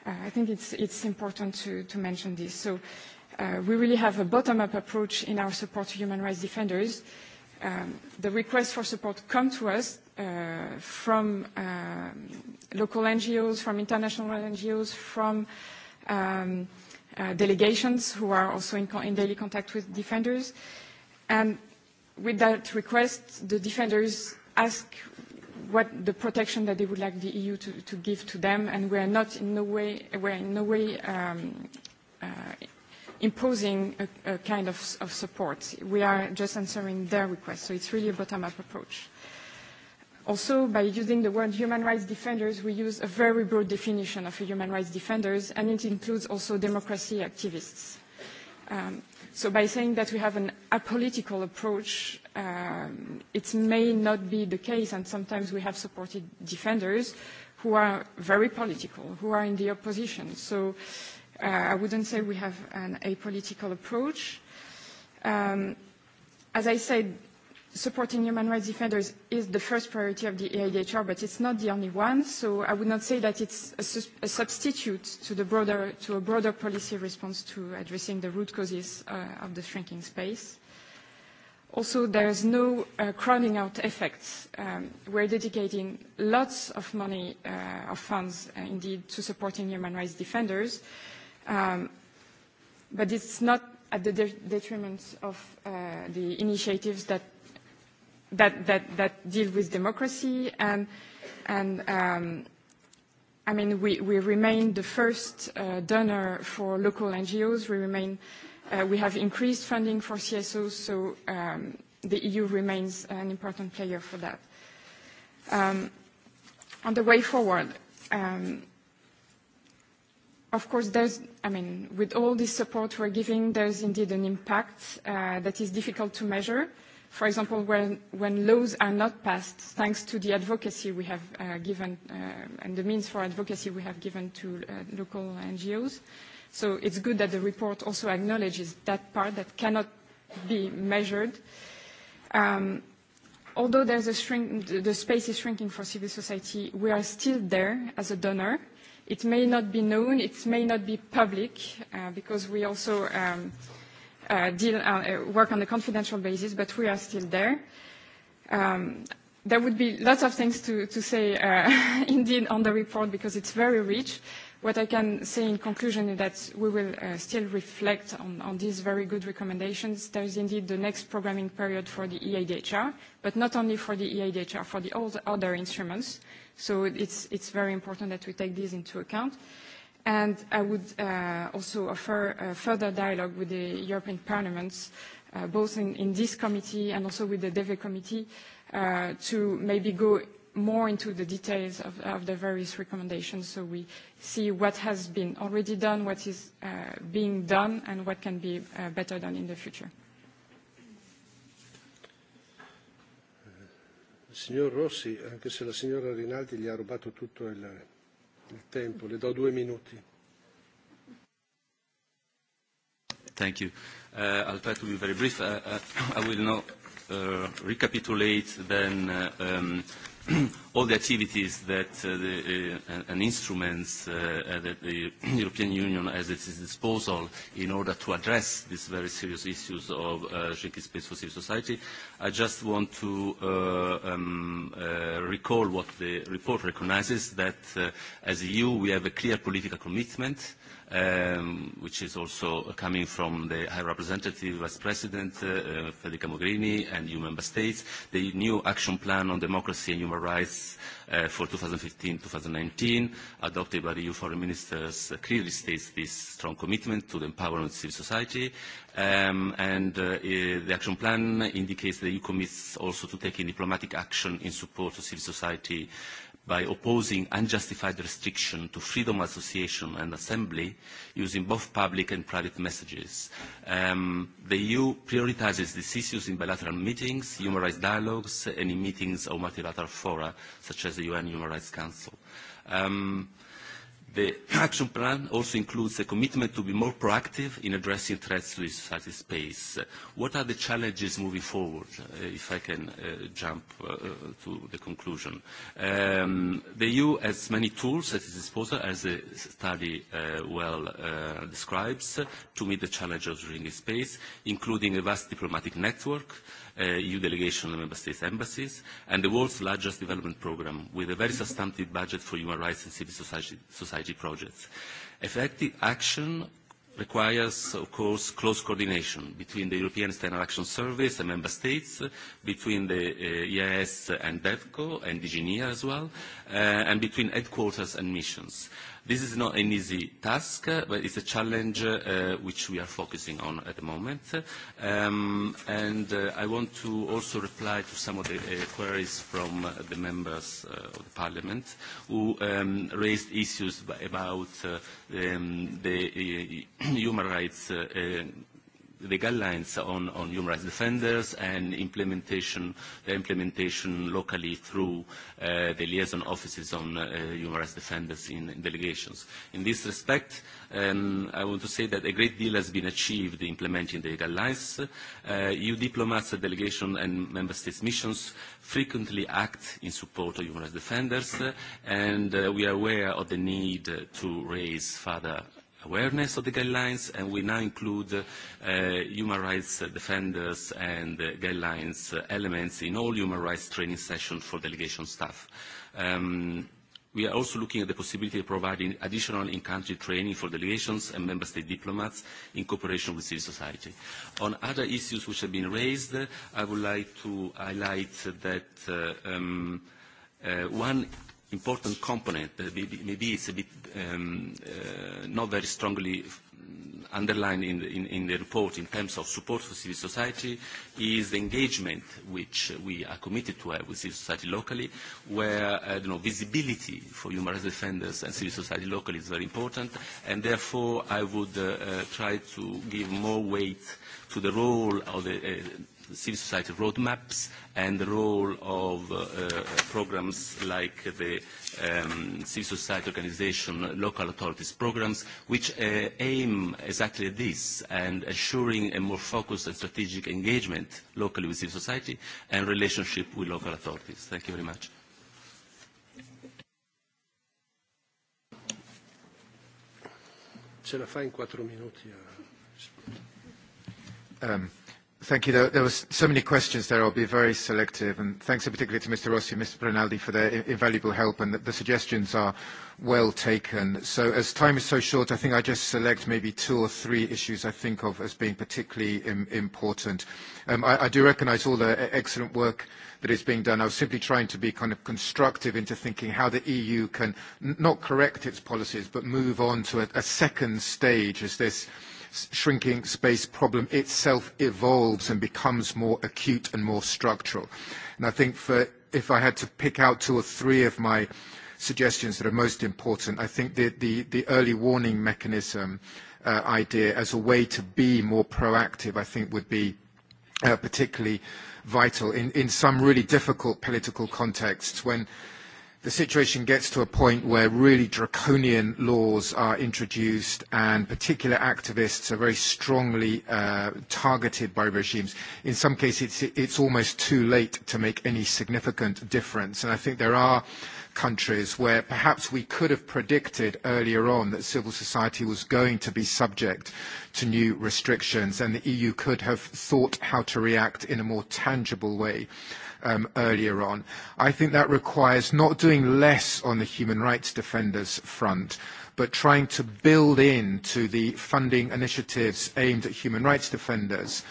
Speaker 11: Uh, I think it's, it's important to, to mention this. So uh, we really have a bottom-up approach in our support to human rights defenders. Um, the requests for support come to us uh, from um, local NGOs, from international NGOs, from um, Uh, delegations who are also in, in daily contact with defenders. And with that request, the defenders ask what the protection that they would like the EU to, to give to them, and we are not in no way, we are in no way um, uh, imposing a, a kind of, of support. We are just answering their request, so it's really a bottom-up approach. Also, by using the word human rights defenders, we use a very broad definition of human rights defenders, and it includes also democracy activists. Um, so by saying that we have an apolitical approach, um, it may not be the case, and sometimes we have supported defenders who are very political, who are in the opposition. So uh, I wouldn't say we have an apolitical approach. Um, as I said, supporting human rights defenders is the first priority of the AIDHR, but it's not the only one. So I would not say that it's a, su a substitute to, the broader, to a broader policy response to addressing the root causes uh, of the shrinking space. Also, there is no uh, crowding out effects. Um, we're dedicating lots of money, uh, of funds, uh, indeed, to supporting human rights defenders. Um, but it's not at the de detriment of uh, the initiatives that that, that, that deal with democracy and, and um, I mean, we, we remain the first uh, donor for local NGOs. We remain, uh, we have increased funding for CSOs, so um, the EU remains an important player for that. Um, on the way forward, um, of course, there's, I mean, with all this support we're giving, there's indeed an impact uh, that is difficult to measure for example, when, when laws are not passed, thanks to the advocacy we have uh, given uh, and the means for advocacy we have given to uh, local NGOs. So it's good that the report also acknowledges that part that cannot be measured. Um, although there's a shrink, the space is shrinking for civil society, we are still there as a donor. It may not be known, it may not be public, uh, because we also um, – uh, deal, uh, work on a confidential basis, but we are still there. Um, there would be lots of things to, to say uh, indeed on the report because it's very rich. What I can say in conclusion is that we will uh, still reflect on, on these very good recommendations. There is indeed the next programming period for the EIDHR, but not only for the EIDHR, for the all the other instruments. So it's, it's very important that we take these into account. Uh, And I would uh, also offer a uh, further dialogue with the European Parliament, uh, both in, in this committee and also with the DEVE e committee, uh, to maybe go more into the details of, of the various recommendations so we see what has been already done, what is uh, being done, and what can be uh, better done in the future.
Speaker 1: Signor Rossi, anche se la signora Rinaldi gli ha rubato tutto il il tempo, le do due minuti.
Speaker 12: Thank you. Uh, I'll try to be very brief. Uh, uh, I will now uh, recapitulate then uh, um, all the activities that uh, the, uh, and instruments uh, uh, that the European Union has at its disposal in order to address these very serious issues of uh, shrinking space for civil society. I just want to uh, um, uh, recall what the report recognizes, that uh, as EU we have a clear political commitment um, which is also coming from the High Representative, Vice President uh, uh, Federica Mogherini and EU Member States, the new action plan on democracy and human rights uh, for 2015-2019, adopted by the EU foreign ministers, uh, clearly states this strong commitment to the empowerment of civil society. Um, and uh, the action plan indicates the EU commits also to taking diplomatic action in support of civil society by opposing unjustified restriction to freedom of association and assembly using both public and private messages. Um, the EU prioritizes these issues in bilateral meetings, human rights dialogues, and in meetings of multilateral fora, such as the UN Human Rights Council. Um, The action plan also includes a commitment to be more proactive in addressing threats to this society space. What are the challenges moving forward, uh, if I can uh, jump uh, uh to the conclusion? Um, the EU has many tools at its disposal, as the study uh, well uh, describes, to meet the challenges of the space, including a vast diplomatic network, uh, EU delegation and member states' embassies, and the world's largest development program, with a very substantive budget for human rights and civil society, society projects. Effective action requires, of course, close coordination between the European External Action Service and Member States, between the uh, EIS and DEVCO and DGNIA as well, uh, and between headquarters and missions. This is not an easy task, but it's a challenge uh, which we are focusing on at the moment. Um, and uh, I want to also reply to some of the uh, queries from uh, the members uh, of the Parliament who um, raised issues about uh, um, the uh, human rights uh, uh, the guidelines on, on human rights defenders and implementation, the implementation locally through uh, the liaison offices on uh, human rights defenders in, in delegations. In this respect, um, I want to say that a great deal has been achieved implementing the guidelines. Uh, EU diplomats, delegation and member states missions frequently act in support of human rights defenders, uh, and uh, we are aware of the need to raise further awareness of the guidelines, and we now include uh, human rights defenders and uh, guidelines uh, elements in all human rights training sessions for delegation staff. Um, We are also looking at the possibility of providing additional in-country training for delegations and member state diplomats in cooperation with civil society. On other issues which have been raised, I would like to highlight that uh, um, uh, one important component, uh, maybe, maybe it's a bit um, uh, not very strongly mm, underlined in, in, in the report in terms of support for civil society is the engagement which we are committed to have with civil society locally, where uh, you know, visibility for human rights defenders and civil society locally is very important, and therefore I would uh, uh, try to give more weight to the role of the uh, civil society roadmaps and the role of uh, uh, programs like the um, civil society organization local authorities programs which uh, aim exactly at this and assuring a more focused and strategic engagement locally with civil society and relationship with local authorities. Thank you very much.
Speaker 1: Ce la fa in quattro minuti. A...
Speaker 2: Eh. Um, ehm, Thank you. There, were so many questions there. I'll be very selective. And thanks in particular to Mr. Rossi and Mr. Brinaldi for their invaluable help. And the, the suggestions are well taken. So as time is so short, I think I just select maybe two or three issues I think of as being particularly important. Um, I, I do recognize all the e, excellent work that is being done. I was simply trying to be kind of constructive into thinking how the EU can not correct its policies, but move on to a, a second stage as this – shrinking space problem itself evolves and becomes more acute and more structural. And I think for, if I had to pick out two or three of my suggestions that are most important, I think the, the, the early warning mechanism uh, idea as a way to be more proactive, I think would be uh, particularly vital in, in some really difficult political contexts when the situation gets to a point where really draconian laws are introduced and particular activists are very strongly uh, targeted by regimes. In some cases, it's, it's almost too late to make any significant difference. And I think there are countries where perhaps we could have predicted earlier on that civil society was going to be subject to new restrictions and the EU could have thought how to react in a more tangible way um, earlier on. I think that requires not doing less on the human rights defenders front, but trying to build in to the funding initiatives aimed at human rights defenders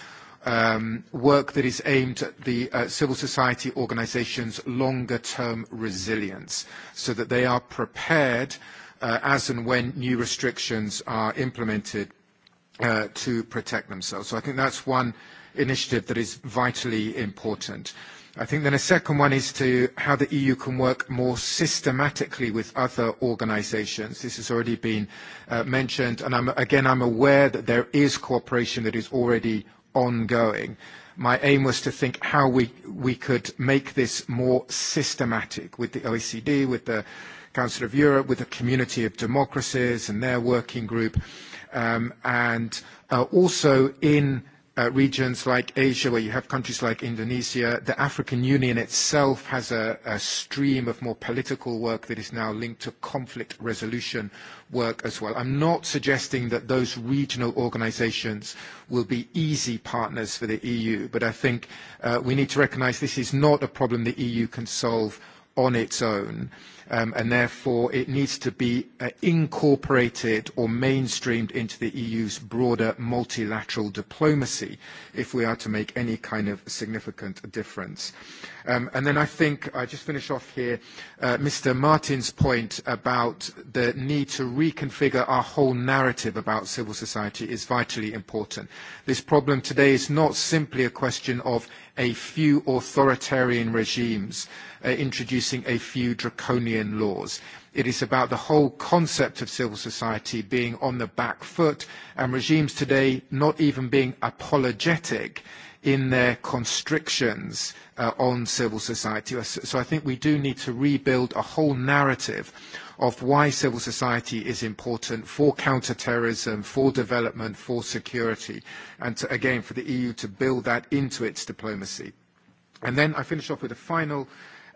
Speaker 2: um, work that is aimed at the uh, civil society organizations' longer-term resilience so that they are prepared uh, as and when new restrictions are implemented uh, to protect themselves. So I think that's one initiative that is vitally important. I think then a second one is to how the EU can work more systematically with other organisations. This has already been uh, mentioned, and I'm, again, I'm aware that there is cooperation that is already ongoing. My aim was to think how we, we could make this more systematic with the OECD, with the Council of Europe, with the Community of Democracies and their working group, um, and uh, also in uh, regions like Asia, where you have countries like Indonesia. The African Union itself has a, a stream of more political work that is now linked to conflict resolution work as well. I'm not suggesting that those regional organizations will be easy partners for the EU, but I think uh, we need to recognize this is not a problem the EU can solve on its own, um, and therefore it needs to be uh, incorporated or mainstreamed into the EU's broader multilateral diplomacy if we are to make any kind of significant difference. Um, and then I think, I just finish off here, uh, Mr. Martin's point about the need to reconfigure our whole narrative about civil society is vitally important. This problem today is not simply a question of a few authoritarian regimes uh, introducing a few draconian laws. It is about the whole concept of civil society being on the back foot and regimes today not even being apologetic in their constrictions uh, on civil society. So I think we do need to rebuild a whole narrative of why civil society is important for counterterrorism, for development, for security, and to, again for the EU to build that into its diplomacy. And then I finish off with a final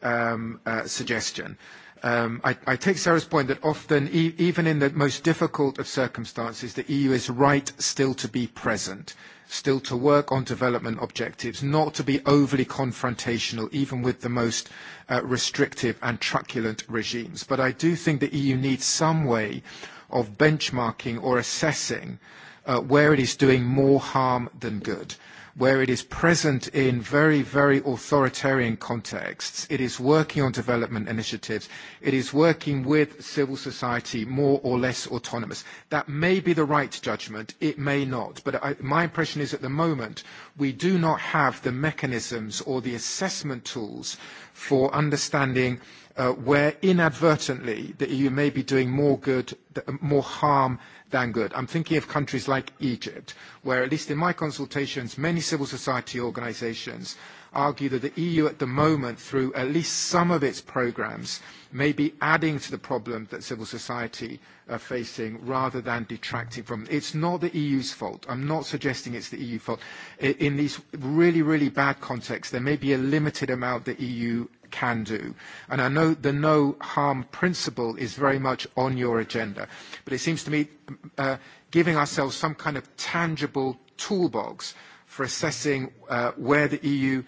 Speaker 2: um, uh, suggestion. Um, I, I take Sarah's point that often, e even in the most difficult of circumstances, the EU is right still to be present still to work on development objectives, not to be overly confrontational, even with the most uh, restrictive and truculent regimes. But I do think the EU needs some way of benchmarking or assessing uh, where it is doing more harm than good where it is present in very, very authoritarian contexts. It is working on development initiatives. It is working with civil society more or less autonomous. That may be the right judgment. It may not. But I, my impression is at the moment, we do not have the mechanisms or the assessment tools for understanding uh, where inadvertently the EU may be doing more good, more harm than good. I'm thinking of countries like Egypt, where at least in my consultations, many civil society organizations argue that the EU at the moment, through at least some of its programs, may be adding to the problem that civil society are facing rather than detracting from it. It's not the EU's fault. I'm not suggesting it's the EU's fault. In these really, really bad contexts, there may be a limited amount the EU can do. And I know the no harm principle is very much on your agenda, but it seems to me uh, giving ourselves some kind of tangible toolbox for assessing uh, where the EU,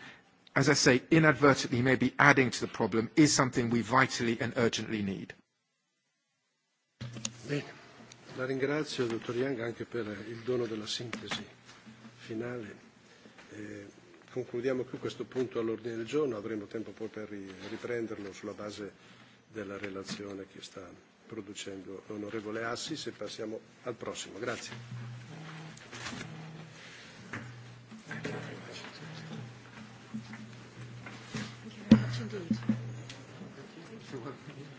Speaker 2: as I say, inadvertently may be adding to the problem is something we vitally and urgently need.
Speaker 1: Bene. La ringrazio, dottor Young, anche per il dono della sintesi finale. Eh, concludiamo qui questo punto all'ordine del giorno, avremo tempo poi per riprenderlo sulla base della relazione che sta producendo l'onorevole Assis e passiamo al prossimo. Grazie. Thank you.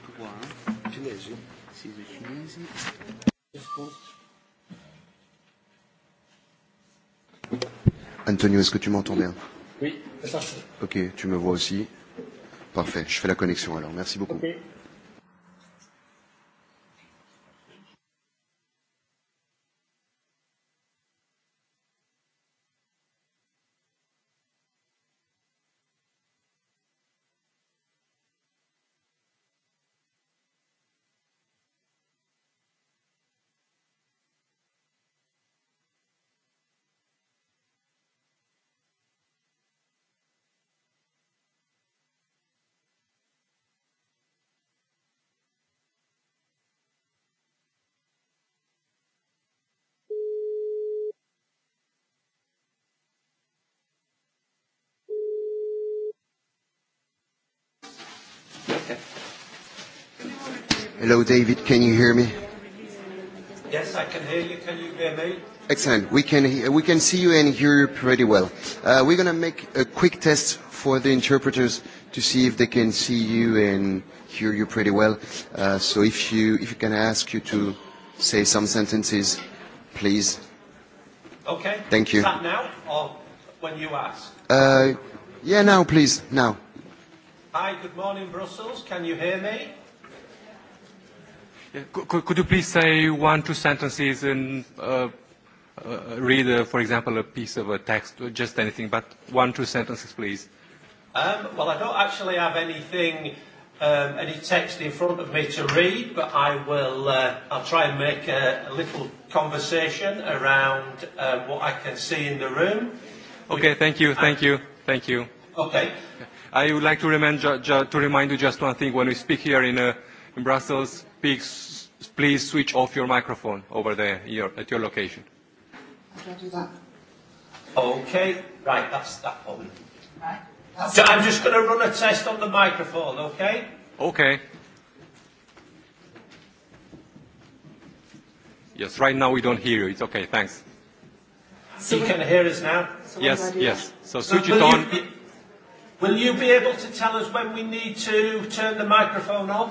Speaker 1: Eh? cinesi. Sì, cinesi.
Speaker 13: Antonio, est-ce que tu m'entends bien Oui, ça. Ok, tu me vois aussi. Parfait, je fais la connexion alors. Merci beaucoup. Okay. Hello, David. Can you hear me?
Speaker 14: Yes, I can hear you. Can you hear me?
Speaker 13: Excellent. We can, we can see you and hear you pretty well. Uh, we're going to make a quick test for the interpreters to see if they can see you and hear you pretty well. Uh, so if you, if you can ask you to say some sentences, please.
Speaker 14: Okay. Thank you. Is that now or when you ask?
Speaker 13: Uh, yeah, now, please. Now.
Speaker 14: Hi, good morning, Brussels. Can you hear me?
Speaker 13: could, could you please say one, two sentences and uh, uh, read, uh, for example, a piece of a text, or just anything, but one, two sentences, please.
Speaker 14: Um, well, I don't actually have anything, um, any text in front of me to read, but I will, uh, I'll try and make a, a little conversation around uh what I can see in the room.
Speaker 13: Okay, thank you, thank you, thank you. Okay. I would like to remind, ju- ju- to remind you just one thing. When we speak here in, uh, in Brussels, speaks, please switch off your microphone over there your, at your location.
Speaker 14: Can I do that? Okay, right, that's that one. Right. That's so I'm just going to run a test on the microphone, okay?
Speaker 13: Okay. Yes, right now we don't hear you. It's okay, thanks.
Speaker 14: So you can hear us now? So yes, yes. So switch so it on. You, will you be able to tell us when we need to turn the microphone off?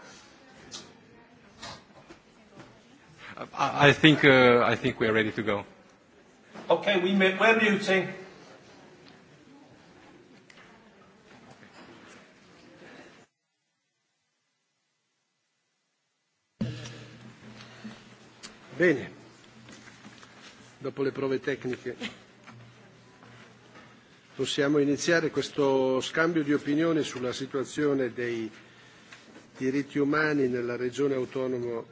Speaker 13: I, think uh, I think we are ready to go.
Speaker 14: Okay, we may, we're muting.
Speaker 1: Bene, dopo le prove tecniche possiamo iniziare questo scambio di opinioni sulla situazione dei diritti umani nella regione autonoma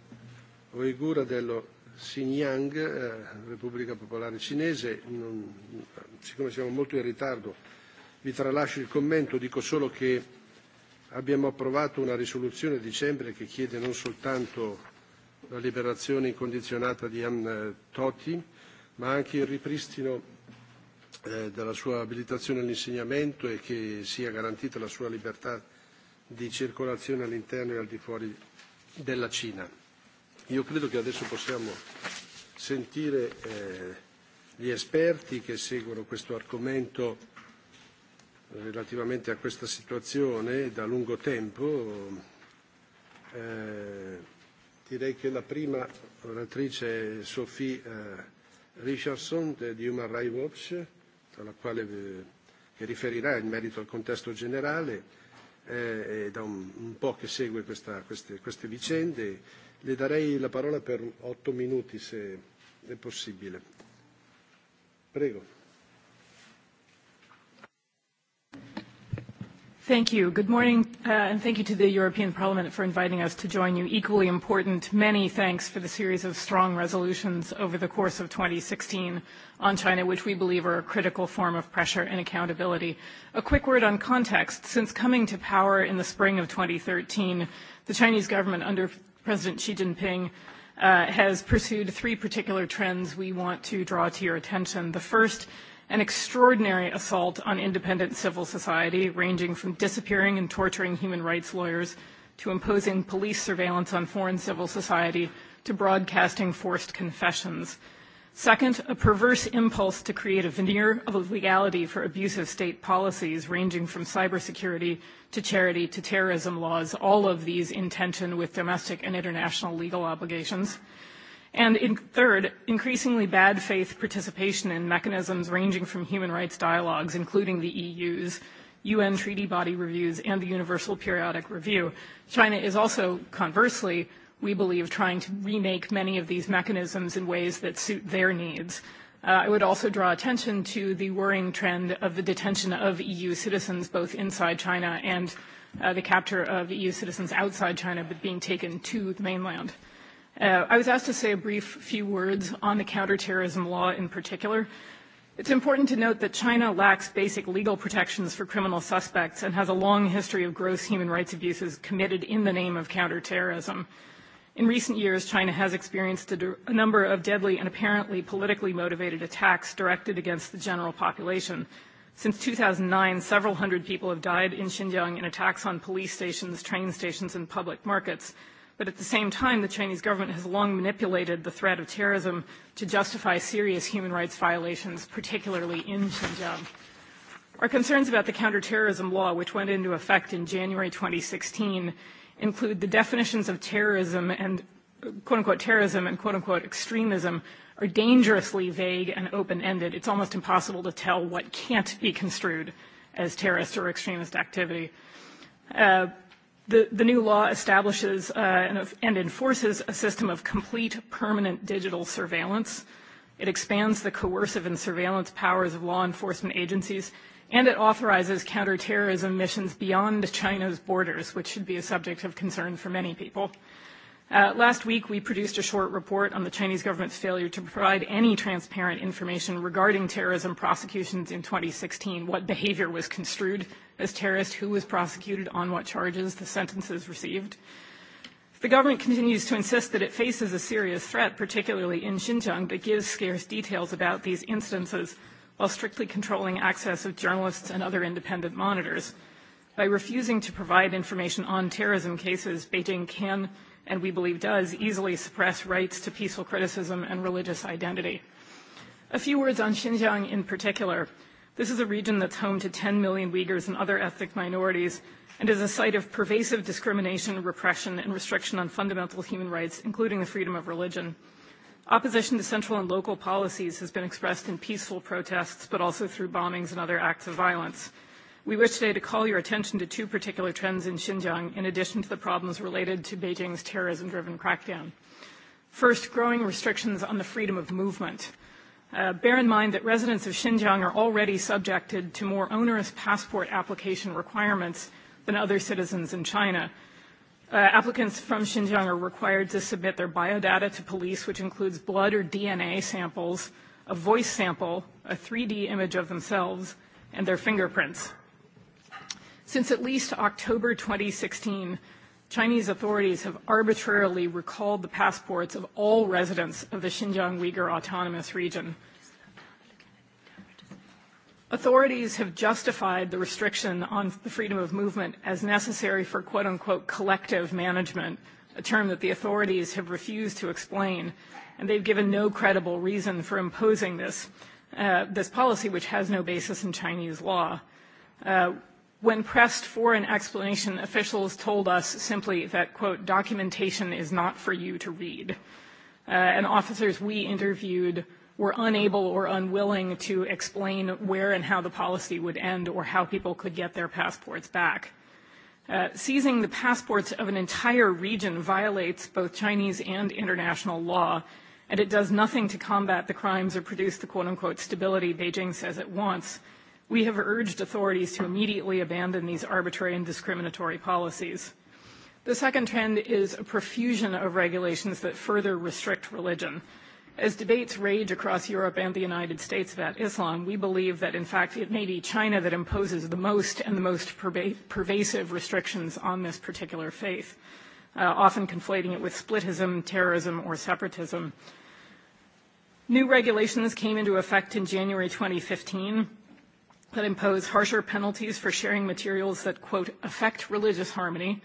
Speaker 1: uigura dello Xinjiang, eh, Repubblica Popolare Cinese, non, siccome siamo molto in ritardo vi tralascio il commento, dico solo che abbiamo approvato una risoluzione a dicembre che chiede non soltanto la liberazione incondizionata di Ann eh, Toti, ma anche il ripristino eh, della sua abilitazione all'insegnamento e che sia garantita la sua libertà di circolazione all'interno e al di fuori della Cina. Io credo che adesso possiamo sentire eh, gli esperti che seguono questo argomento relativamente a questa situazione da lungo tempo. Eh, direi che la prima oratrice è Sophie eh, Richardson di Human Rights Watch, dalla quale, eh, che riferirà in merito al contesto generale, eh, è e da un, un po' che segue questa, queste, queste vicende Le darei la parola per otto minuti, se è possibile. Prego.
Speaker 15: Thank you. Good morning, uh, and thank you to the European Parliament for inviting us to join you. Equally important, many thanks for the series of strong resolutions over the course of 2016 on China, which we believe are a critical form of pressure and accountability. A quick word on context. Since coming to power in the spring of 2013, the Chinese government under President Xi Jinping uh, has pursued three particular trends we want to draw to your attention. The first, an extraordinary assault on independent civil society, ranging from disappearing and torturing human rights lawyers to imposing police surveillance on foreign civil society to broadcasting forced confessions. Second, a perverse impulse to create a veneer of legality for abusive state policies ranging from cybersecurity to charity to terrorism laws, all of these in tension with domestic and international legal obligations. And in, third, increasingly bad faith participation in mechanisms ranging from human rights dialogues, including the EU's, UN treaty body reviews, and the Universal Periodic Review. China is also, conversely, we believe, trying to remake many of these mechanisms in ways that suit their needs. Uh, I would also draw attention to the worrying trend of the detention of EU citizens both inside China and uh, the capture of EU citizens outside China but being taken to the mainland. Uh, I was asked to say a brief few words on the counterterrorism law in particular. It's important to note that China lacks basic legal protections for criminal suspects and has a long history of gross human rights abuses committed in the name of counterterrorism. In recent years, China has experienced a, a number of deadly and apparently politically motivated attacks directed against the general population. Since 2009, several hundred people have died in Xinjiang in attacks on police stations, train stations, and public markets. But at the same time, the Chinese government has long manipulated the threat of terrorism to justify serious human rights violations, particularly in Xinjiang. Our concerns about the counterterrorism law, which went into effect in January 2016, include the definitions of terrorism and quote unquote terrorism and quote unquote extremism are dangerously vague and open ended. It's almost impossible to tell what can't be construed as terrorist or extremist activity. Uh, the, the new law establishes uh, and, and enforces a system of complete permanent digital surveillance. It expands the coercive and surveillance powers of law enforcement agencies and it authorizes counterterrorism missions beyond China's borders, which should be a subject of concern for many people. Uh, last week, we produced a short report on the Chinese government's failure to provide any transparent information regarding terrorism prosecutions in 2016, what behavior was construed as terrorist, who was prosecuted, on what charges, the sentences received. The government continues to insist that it faces a serious threat, particularly in Xinjiang, that gives scarce details about these instances while strictly controlling access of journalists and other independent monitors. By refusing to provide information on terrorism cases, Beijing can, and we believe does, easily suppress rights to peaceful criticism and religious identity. A few words on Xinjiang in particular. This is a region that's home to 10 million Uyghurs and other ethnic minorities and is a site of pervasive discrimination, repression, and restriction on fundamental human rights, including the freedom of religion. Opposition to central and local policies has been expressed in peaceful protests, but also through bombings and other acts of violence. We wish today to call your attention to two particular trends in Xinjiang, in addition to the problems related to Beijing's terrorism-driven crackdown. First, growing restrictions on the freedom of movement. Uh, bear in mind that residents of Xinjiang are already subjected to more onerous passport application requirements than other citizens in China – Uh, applicants from Xinjiang are required to submit their biodata to police, which includes blood or DNA samples, a voice sample, a 3D image of themselves, and their fingerprints. Since at least October 2016, Chinese authorities have arbitrarily recalled the passports of all residents of the Xinjiang Uyghur Autonomous Region Authorities have justified the restriction on the freedom of movement as necessary for quote unquote collective management, a term that the authorities have refused to explain, and they've given no credible reason for imposing this, uh, this policy, which has no basis in Chinese law. Uh, when pressed for an explanation, officials told us simply that, quote, documentation is not for you to read. Uh, and officers we interviewed were unable or unwilling to explain where and how the policy would end or how people could get their passports back. Uh, seizing the passports of an entire region violates both Chinese and international law, and it does nothing to combat the crimes or produce the quote-unquote stability Beijing says it wants. We have urged authorities to immediately abandon these arbitrary and discriminatory policies. The second trend is a profusion of regulations that further restrict religion. As debates rage across Europe and the United States about Islam, we believe that, in fact, it may be China that imposes the most and the most perva pervasive restrictions on this particular faith, uh, often conflating it with splitism, terrorism, or separatism. New regulations came into effect in January 2015 that impose harsher penalties for sharing materials that, quote, affect religious harmony,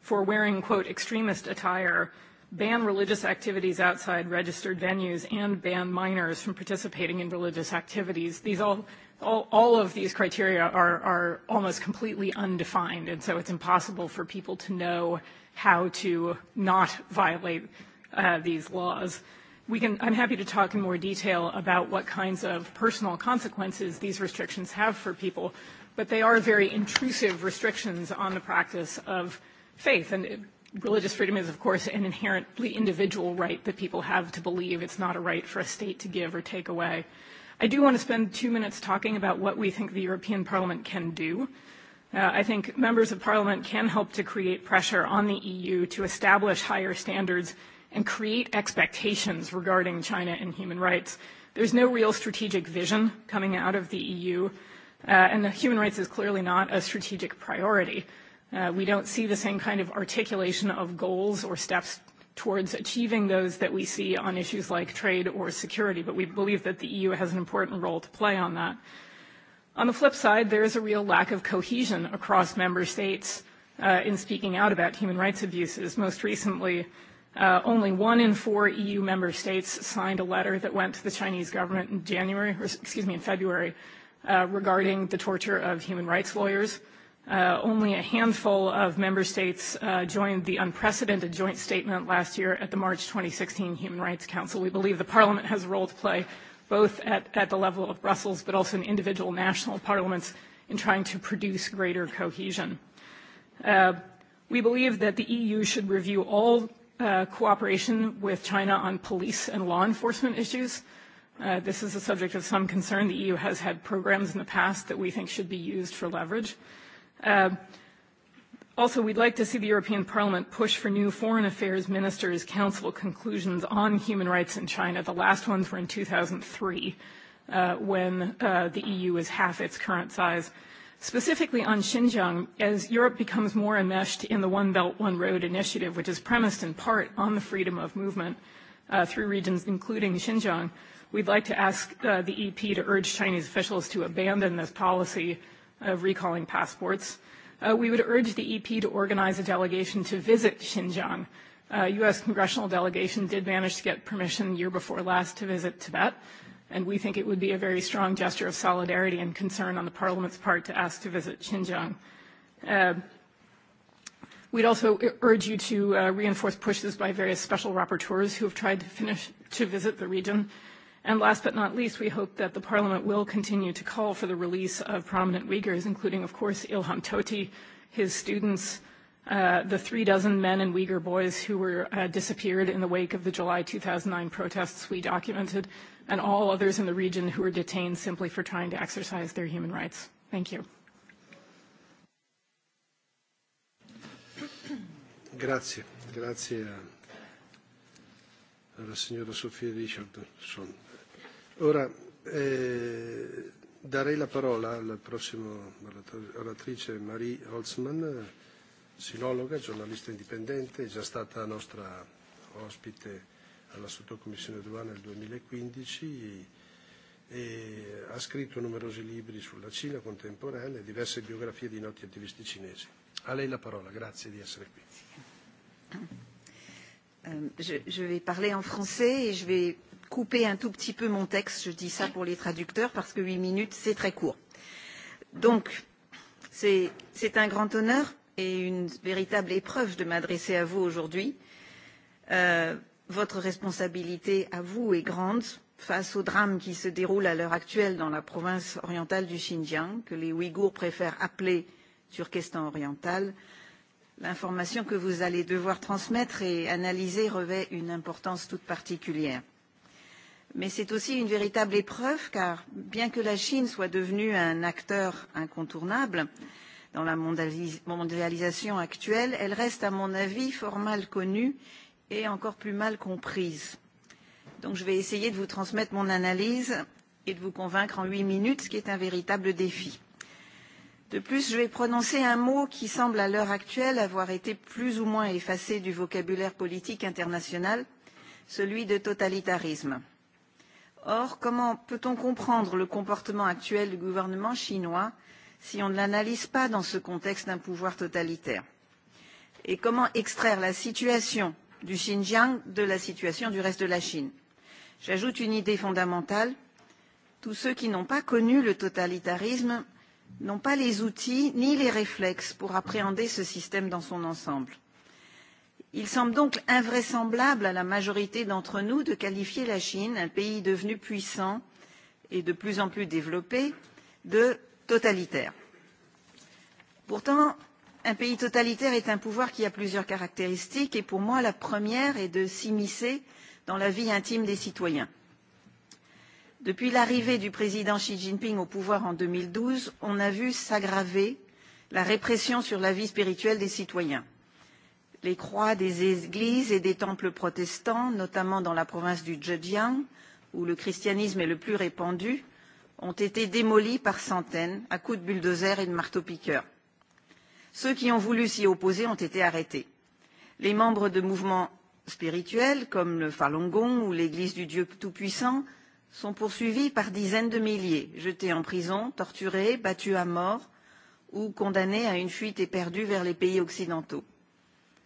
Speaker 15: for wearing, quote, extremist attire, ban religious activities outside registered venues, and ban minors from participating in religious activities. These all, all, all of these criteria are, are almost completely undefined, and so it's impossible for people to know how to not violate uh, these laws. We can, I'm happy to talk in more detail about what kinds of personal consequences these restrictions have for people, but they are very intrusive restrictions on the practice of faith. And religious freedom is, of course, an inherently individual right that people have to believe. It's not a right for a state to give or take away. I do want to spend two minutes talking about what we think the European Parliament can do. Uh, I think members of parliament can help to create pressure on the EU to establish higher standards and create expectations regarding China and human rights. There's no real strategic vision coming out of the EU, uh, and the human rights is clearly not a strategic priority. Uh, we don't see the same kind of articulation of goals or steps towards achieving those that we see on issues like trade or security, but we believe that the EU has an important role to play on that. On the flip side, there is a real lack of cohesion across member states uh, in speaking out about human rights abuses. Most recently, uh, only one in four EU member states signed a letter that went to the Chinese government in January, or excuse me, in February, uh, regarding the torture of human rights lawyers. Uh, Uh, only a handful of member states uh, joined the unprecedented joint statement last year at the March 2016 Human Rights Council. We believe the Parliament has a role to play both at, at the level of Brussels but also in individual national parliaments in trying to produce greater cohesion. Uh, we believe that the EU should review all uh, cooperation with China on police and law enforcement issues. Uh, this is a subject of some concern. The EU has had programs in the past that we think should be used for leverage. Uh, Um, also, we'd like to see the European Parliament push for new Foreign Affairs Ministers' Council conclusions on human rights in China. The last ones were in 2003, uh, when uh, the EU was half its current size. Specifically on Xinjiang, as Europe becomes more enmeshed in the One Belt, One Road initiative, which is premised in part on the freedom of movement uh, through regions including Xinjiang, we'd like to ask uh, the EP to urge Chinese officials to abandon this policy of recalling passports. Uh, we would urge the EP to organize a delegation to visit Xinjiang. A uh, U.S. congressional delegation did manage to get permission year before last to visit Tibet, and we think it would be a very strong gesture of solidarity and concern on the Parliament's part to ask to visit Xinjiang. Uh, we'd also urge you to uh, reinforce pushes by various special rapporteurs who have tried to finish to visit the region And last but not least, we hope that the Parliament will continue to call for the release of prominent Uyghurs, including, of course, Ilham Toti, his students, uh, the three dozen men and Uyghur boys who were uh, disappeared in the wake of the July 2009 protests we documented, and all others in the region who were detained simply for trying to exercise their human rights. Thank you.
Speaker 1: Grazie. Grazie uh, La signora Sofia Richardson. Ora eh, darei la parola al prossimo oratrice Marie Holzman, sinologa, giornalista indipendente, è già stata nostra ospite alla sottocommissione Duana nel 2015 e ha scritto numerosi libri sulla Cina contemporanea e diverse biografie di noti attivisti cinesi. A lei la parola, grazie di essere
Speaker 16: qui. Euh, je, je vais parler en français et je vais couper un tout petit peu mon texte. Je dis ça pour les traducteurs parce que huit minutes, c'est très court. Donc, c'est un grand honneur et une véritable épreuve de m'adresser à vous aujourd'hui. Euh, votre responsabilité à vous est grande face au drame qui se déroule à l'heure actuelle dans la province orientale du Xinjiang, que les Ouïghours préfèrent appeler Turkestan oriental, euh, L'information que vous allez devoir transmettre et analyser revêt une importance toute particulière. Mais c'est aussi une véritable épreuve car bien que la Chine soit devenue un acteur incontournable dans la mondialisation actuelle, elle reste à mon avis fort mal connue et encore plus mal comprise. Donc je vais essayer de vous transmettre mon analyse et de vous convaincre en huit minutes, ce qui est un véritable défi. De plus, je vais prononcer un mot qui semble à l'heure actuelle avoir été plus ou moins effacé du vocabulaire politique international, celui de totalitarisme. Or, comment peut-on comprendre le comportement actuel du gouvernement chinois si on ne l'analyse pas dans ce contexte d'un pouvoir totalitaire Et comment extraire la situation du Xinjiang de la situation du reste de la Chine J'ajoute une idée fondamentale. Tous ceux qui n'ont pas connu le totalitarisme n'ont pas les outils ni les réflexes pour appréhender ce système dans son ensemble. Il semble donc invraisemblable à la majorité d'entre nous de qualifier la Chine, un pays devenu puissant et de plus en plus développé, de totalitaire. Pourtant, un pays totalitaire est un pouvoir qui a plusieurs caractéristiques et pour moi la première est de s'immiscer dans la vie intime des citoyens. Depuis l'arrivée du président Xi Jinping au pouvoir en deux mille douze, on a vu s'aggraver la répression sur la vie spirituelle des citoyens. Les croix des églises et des temples protestants, notamment dans la province du Zhejiang, où le christianisme est le plus répandu, ont été démolies par centaines à coups de bulldozer et de marteau-piqueur. Ceux qui ont voulu s'y opposer ont été arrêtés. Les membres de mouvements spirituels, comme le Falun Gong ou l'Église du Dieu Tout-Puissant, sont poursuivis par dizaines de milliers, jetés en prison, torturés, battus à mort ou condamnés à une fuite éperdue vers les pays occidentaux.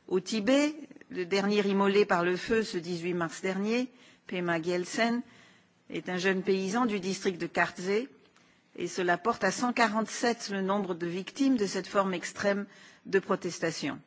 Speaker 16: Au Tibet, le dernier immolé par le feu ce 18 mars dernier, Pema Gelsen, est un jeune paysan du district de Kartze et cela porte à 147 le nombre de victimes de cette forme extrême de protestation.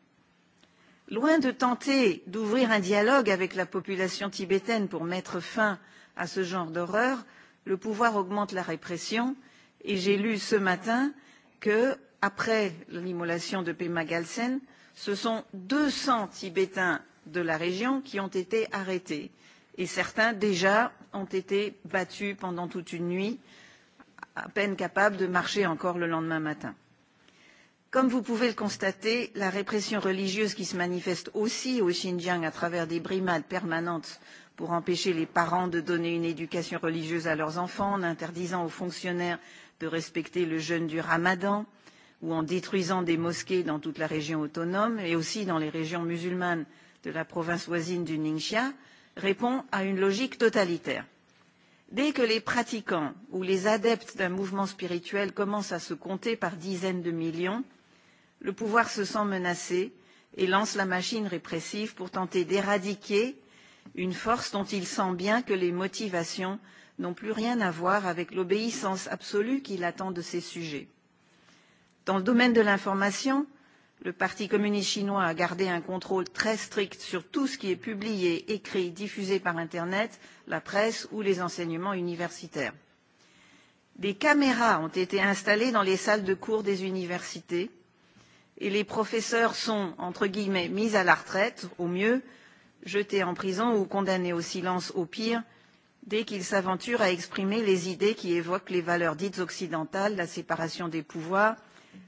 Speaker 16: Loin de tenter d'ouvrir un dialogue avec la population tibétaine pour mettre fin à à ce genre d'horreur, le pouvoir augmente la répression et j'ai lu ce matin que, après l'immolation de Pema Galsen, ce sont 200 Tibétains de la région qui ont été arrêtés et certains déjà ont été battus pendant toute une nuit, à peine capables de marcher encore le lendemain matin. Comme vous pouvez le constater, la répression religieuse qui se manifeste aussi au Xinjiang à travers des brimades permanentes pour empêcher les parents de donner une éducation religieuse à leurs enfants, en interdisant aux fonctionnaires de respecter le jeûne du ramadan, ou en détruisant des mosquées dans toute la région autonome et aussi dans les régions musulmanes de la province voisine du Ningxia, répond à une logique totalitaire. Dès que les pratiquants ou les adeptes d'un mouvement spirituel commencent à se compter par dizaines de millions, le pouvoir se sent menacé et lance la machine répressive pour tenter d'éradiquer une force dont il sent bien que les motivations n'ont plus rien à voir avec l'obéissance absolue qu'il attend de ses sujets. Dans le domaine de l'information, le Parti communiste chinois a gardé un contrôle très strict sur tout ce qui est publié, écrit, diffusé par Internet, la presse ou les enseignements universitaires. Des caméras ont été installées dans les salles de cours des universités et les professeurs sont, entre guillemets, mis à la retraite, au mieux, jetés en prison ou condamnés au silence au pire dès qu'ils s'aventurent à exprimer les idées qui évoquent les valeurs dites occidentales, la séparation des pouvoirs,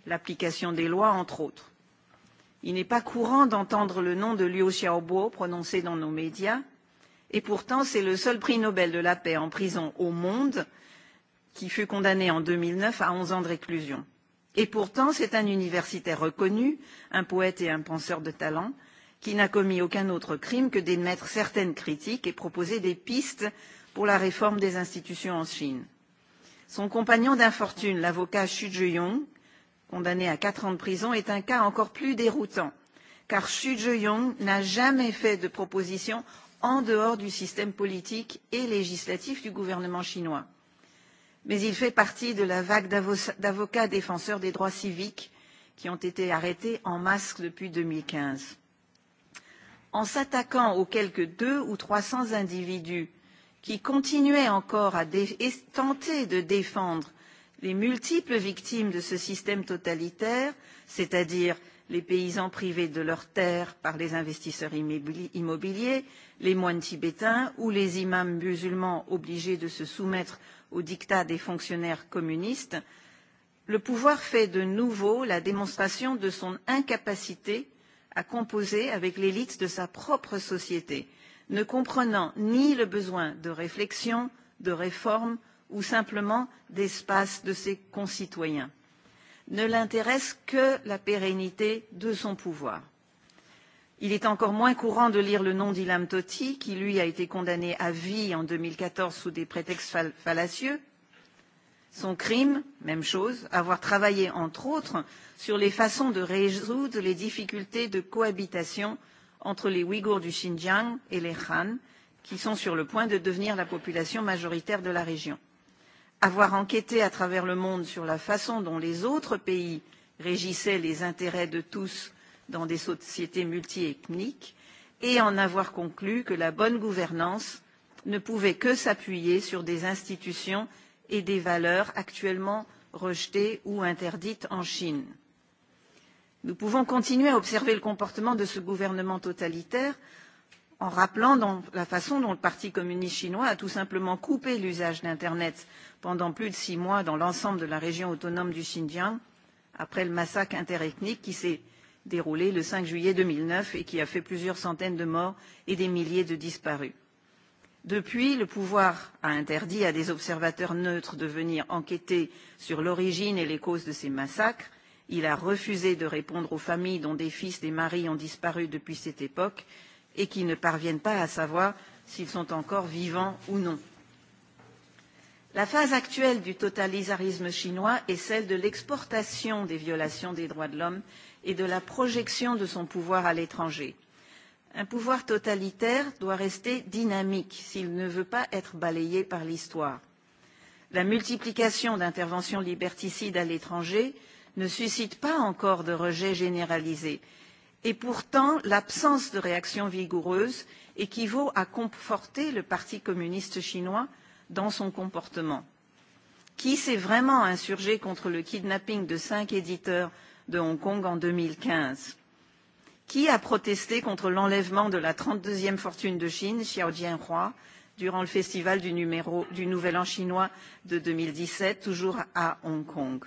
Speaker 16: l'application des lois, entre autres. Il n'est pas courant d'entendre le nom de Liu Xiaobo prononcé dans nos médias, et pourtant c'est le seul prix Nobel de la paix en prison au monde qui fut condamné en 2009 à 11 ans de réclusion. Et pourtant, c'est un universitaire reconnu, un poète et un penseur de talent, qui n'a commis aucun autre crime que d'émettre certaines critiques et proposer des pistes pour la réforme des institutions en Chine. Son compagnon d'infortune, l'avocat Xu Zhiyong, condamné à quatre ans de prison, est un cas encore plus déroutant, car Xu Zhiyong n'a jamais fait de proposition en dehors du système politique et législatif du gouvernement chinois. Mais il fait partie de la vague d'avocats défenseurs des droits civiques qui ont été arrêtés en masse depuis 2015 en s'attaquant aux quelque deux ou trois cents individus qui continuaient encore à tenter de défendre les multiples victimes de ce système totalitaire, c'est-à-dire les paysans privés de leurs terres par les investisseurs immobiliers, les moines tibétains ou les imams musulmans obligés de se soumettre au diktat des fonctionnaires communistes, le pouvoir fait de nouveau la démonstration de son incapacité à composer avec l'élite de sa propre société, ne comprenant ni le besoin de réflexion, de réforme ou simplement d'espace de ses concitoyens. Ne l'intéresse que la pérennité de son pouvoir. Il est encore moins courant de lire le nom d'Ilam Tohti, qui lui a été condamné à vie en 2014 sous des prétextes fallacieux, Son crime, même chose, avoir travaillé, entre autres, sur les façons de résoudre les difficultés de cohabitation entre les Ouïghours du Xinjiang et les Han, qui sont sur le point de devenir la population majoritaire de la région. Avoir enquêté à travers le monde sur la façon dont les autres pays régissaient les intérêts de tous dans des sociétés multiethniques et en avoir conclu que la bonne gouvernance ne pouvait que s'appuyer sur des institutions et des valeurs actuellement rejetées ou interdites en Chine. Nous pouvons continuer à observer le comportement de ce gouvernement totalitaire en rappelant dans la façon dont le Parti communiste chinois a tout simplement coupé l'usage d'Internet pendant plus de six mois dans l'ensemble de la région autonome du Xinjiang après le massacre interethnique qui s'est déroulé le 5 juillet 2009 et qui a fait plusieurs centaines de morts et des milliers de disparus. Depuis, le pouvoir a interdit à des observateurs neutres de venir enquêter sur l'origine et les causes de ces massacres. Il a refusé de répondre aux familles dont des fils, des maris ont disparu depuis cette époque et qui ne parviennent pas à savoir s'ils sont encore vivants ou non. La phase actuelle du totalitarisme chinois est celle de l'exportation des violations des droits de l'homme et de la projection de son pouvoir à l'étranger. Un pouvoir totalitaire doit rester dynamique s'il ne veut pas être balayé par l'histoire. La multiplication d'interventions liberticides à l'étranger ne suscite pas encore de rejet généralisé et pourtant l'absence de réaction vigoureuse équivaut à conforter le Parti communiste chinois dans son comportement. Qui s'est vraiment insurgé contre le kidnapping de cinq éditeurs de Hong Kong en 2015 Qui a protesté contre l'enlèvement de la 32e fortune de Chine, Xiao Jianhua, durant le festival du, numéro, du Nouvel An chinois de 2017, toujours à Hong Kong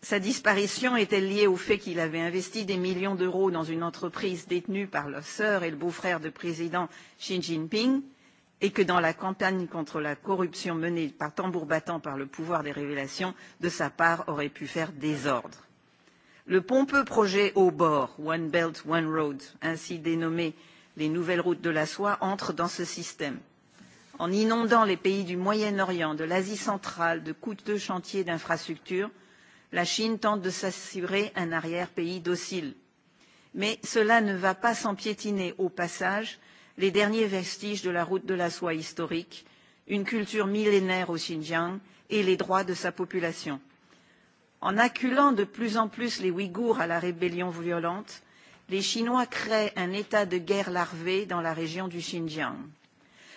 Speaker 16: Sa disparition est-elle liée au fait qu'il avait investi des millions d'euros dans une entreprise détenue par la sœur et le beau-frère du président Xi Jinping et que dans la campagne contre la corruption menée par tambour battant par le pouvoir des révélations, de sa part, aurait pu faire désordre Le pompeux projet au bord, One Belt, One Road, ainsi dénommé les nouvelles routes de la soie, entre dans ce système. En inondant les pays du Moyen-Orient, de l'Asie centrale de coûteux chantiers d'infrastructures, la Chine tente de s'assurer un arrière-pays docile. Mais cela ne va pas sans piétiner au passage les derniers vestiges de la route de la soie historique, une culture millénaire au Xinjiang et les droits de sa population. En acculant de plus en plus les Ouïghours à la rébellion violente, les Chinois créent un état de guerre larvé dans la région du Xinjiang.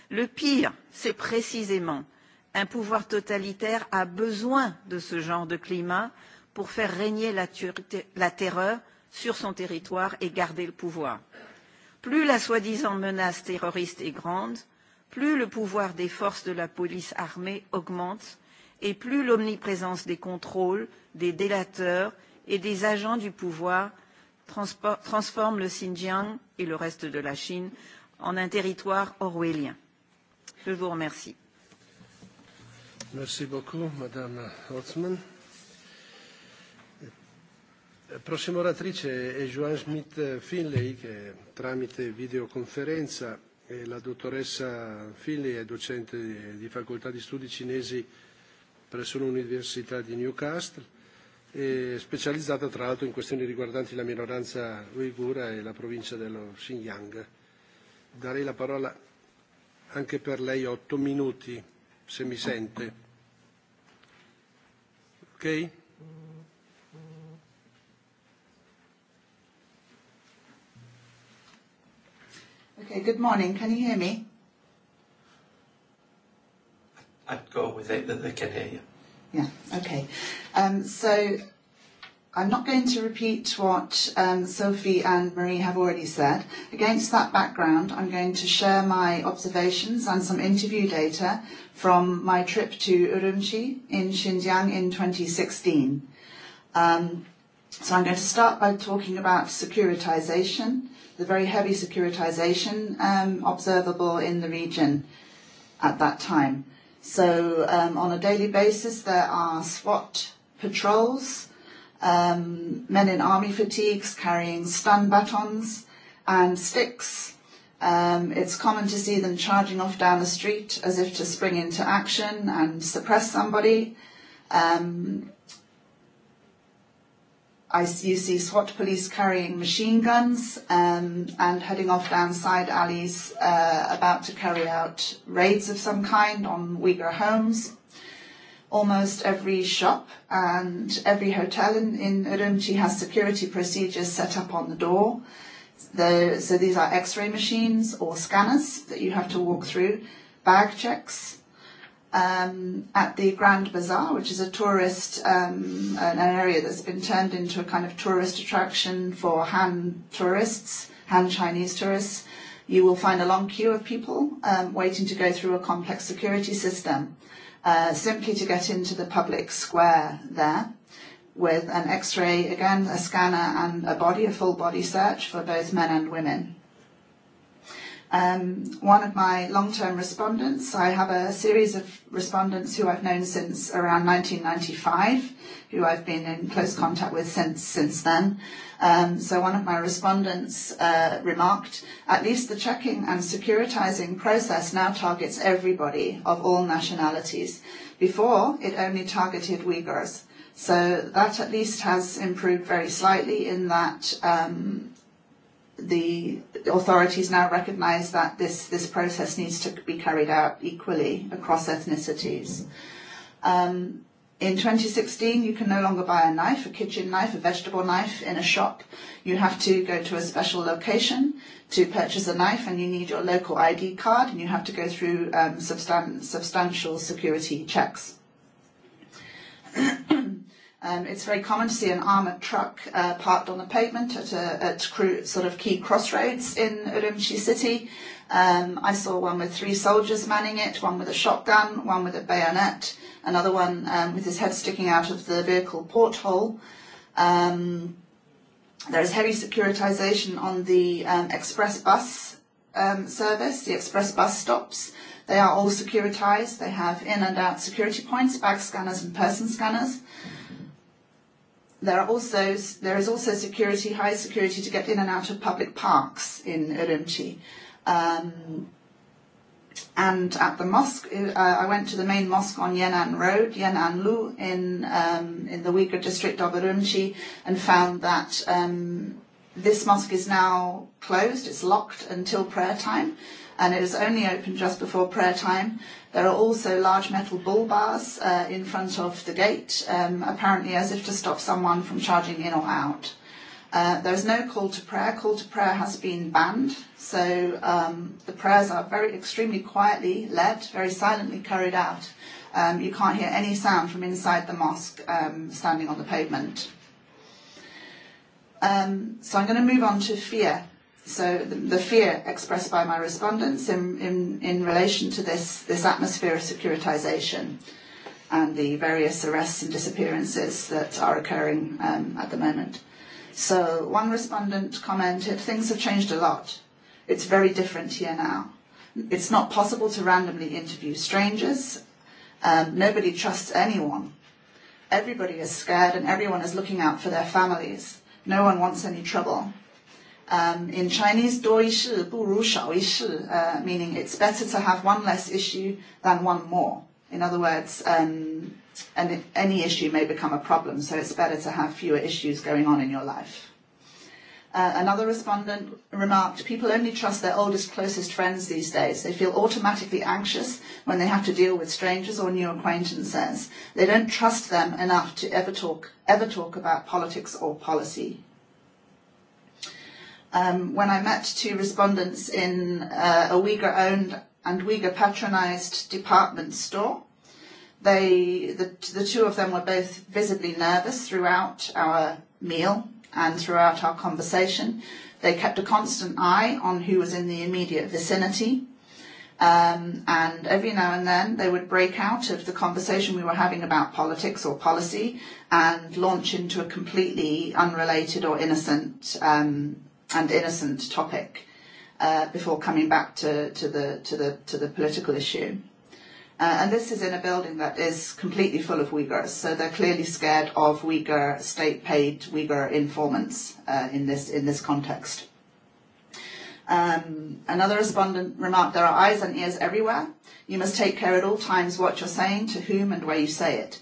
Speaker 16: Le pire, c'est précisément un pouvoir totalitaire a besoin de ce genre de climat pour faire régner la, la terreur sur son territoire et garder le pouvoir. Plus la soi-disant menace terroriste est grande, plus le pouvoir des forces de la police armée augmente et plus l'omniprésence des contrôles, des délateurs et des agents du pouvoir transforme le Xinjiang et le reste de la Chine en un territoire orwellien. Je vous remercie.
Speaker 1: Merci beaucoup, Madame Holtzman. La prossima oratrice è Joan Smith Finley, che tramite videoconferenza è e la dottoressa Finley, è docente di facoltà di studi cinesi presso l'Università di Newcastle, e specializzata tra l'altro in questioni riguardanti la minoranza uigura e la provincia dello Xinjiang. Darei la parola anche per lei otto minuti, se mi sente. Ok?
Speaker 17: Okay, good morning. Can you hear me?
Speaker 14: I'd go with it that they can hear you.
Speaker 17: Yeah, okay. Um, so I'm not going to repeat what um, Sophie and Marie have already said. Against that background, I'm going to share my observations and some interview data from my trip to Urumqi in Xinjiang in 2016. Um, so I'm going to start by talking about securitization, the very heavy securitization um, observable in the region at that time. So um, on a daily basis, there are SWAT patrols, um, men in army fatigues carrying stun batons and sticks. Um, it's common to see them charging off down the street as if to spring into action and suppress somebody. Um, I see, you see SWAT police carrying machine guns um, and heading off down side alleys uh, about to carry out raids of some kind on Uyghur homes. Almost every shop and every hotel in, in Urumqi has security procedures set up on the door. The, so these are x-ray machines or scanners that you have to walk through, bag checks, um, at the Grand Bazaar, which is a tourist, um, an area that's been turned into a kind of tourist attraction for Han tourists, Han Chinese tourists. You will find a long queue of people um, waiting to go through a complex security system uh, simply to get into the public square there with an x-ray, again, a scanner and a body, a full body search for both men and women um, one of my long-term respondents. I have a series of respondents who I've known since around 1995, who I've been in close contact with since since then. Um, so one of my respondents uh, remarked, at least the checking and securitizing process now targets everybody of all nationalities. Before, it only targeted Uyghurs. So that at least has improved very slightly in that um, the authorities now recognise that this, this process needs to be carried out equally across ethnicities. Um, in 2016, you can no longer buy a knife, a kitchen knife, a vegetable knife in a shop. You have to go to a special location to purchase a knife, and you need your local ID card, and you have to go through um, substan- substantial security checks. Um, it's very common to see an armoured truck uh, parked on the pavement at, a, at sort of key crossroads in Urumqi city. Um, I saw one with three soldiers manning it, one with a shotgun, one with a bayonet, another one um, with his head sticking out of the vehicle porthole. Um, there is heavy securitization on the um, express bus um, service, the express bus stops. They are all securitized. They have in and out security points, bag scanners and person scanners. Mm-hmm. There are also there is also security, high security to get in and out of public parks in Urumqi. Um, and at the mosque, uh, I went to the main mosque on Yan'an Road, Yan'an Lu, in um, in the Uyghur district of Urumqi, and found that um, this mosque is now closed. It's locked until prayer time and it is only open just before prayer time. There are also large metal bull bars uh, in front of the gate, um, apparently as if to stop someone from charging in or out. Uh, there is no call to prayer. Call to prayer has been banned, so um, the prayers are very extremely quietly led, very silently carried out. Um, you can't hear any sound from inside the mosque um, standing on the pavement. Um, so I'm going to move on to fear So the, the fear expressed by my respondents in, in, in relation to this, this atmosphere of securitisation and the various arrests and disappearances that are occurring um, at the moment. So one respondent commented, things have changed a lot. It's very different here now. It's not possible to randomly interview strangers. Um, nobody trusts anyone. Everybody is scared and everyone is looking out for their families. No one wants any trouble Um, in Chinese, 多一事不如少一事, uh, meaning it's better to have one less issue than one more. In other words, um, and any issue may become a problem, so it's better to have fewer issues going on in your life. Uh, another respondent remarked, people only trust their oldest, closest friends these days. They feel automatically anxious when they have to deal with strangers or new acquaintances. They don't trust them enough to ever talk, ever talk about politics or policy. Um, when I met two respondents in uh, a Uyghur-owned and Uyghur-patronized department store, they, the, the two of them were both visibly nervous throughout our meal and throughout our conversation. They kept a constant eye on who was in the immediate vicinity. Um, and every now and then they would break out of the conversation we were having about politics or policy and launch into a completely unrelated or innocent um, and innocent topic uh, before coming back to, to, the, to, the, to the political issue. Uh, and this is in a building that is completely full of Uyghurs, so they're clearly scared of Uyghur state-paid Uyghur informants uh, in, this, in this context. Um, another respondent remarked, there are eyes and ears everywhere. You must take care at all times what you're saying, to whom and where you say it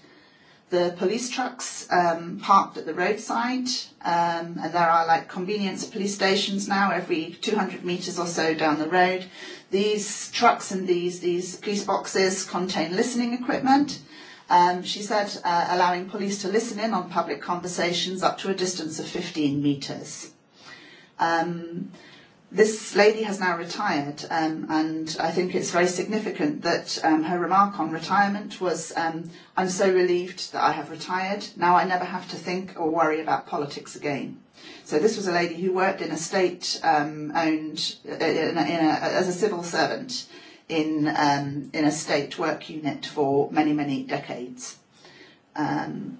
Speaker 17: the police trucks um, parked at the roadside, um, and there are like convenience police stations now every 200 meters or so down the road. These trucks and these these police boxes contain listening equipment. Um, she said uh, allowing police to listen in on public conversations up to a distance of 15 meters. Um, this lady has now retired, um, and I think it's very significant that um, her remark on retirement was, um, I'm so relieved that I have retired. Now I never have to think or worry about politics again. So this was a lady who worked in a state-owned, um, owned, uh, in a, in a, as a civil servant in, um, in a state work unit for many, many decades. Um,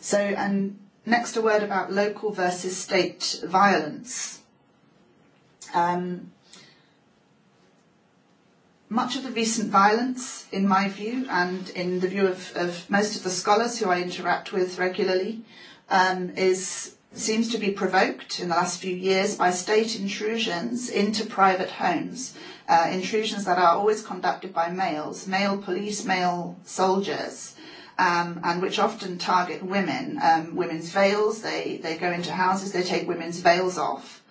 Speaker 17: so, and next a word about local versus state violence Um, much of the recent violence, in my view, and in the view of, of most of the scholars who I interact with regularly, um, is seems to be provoked in the last few years by state intrusions into private homes, uh, intrusions that are always conducted by males, male police, male soldiers, um, and which often target women, um, women's veils. They, they go into houses, they take women's veils off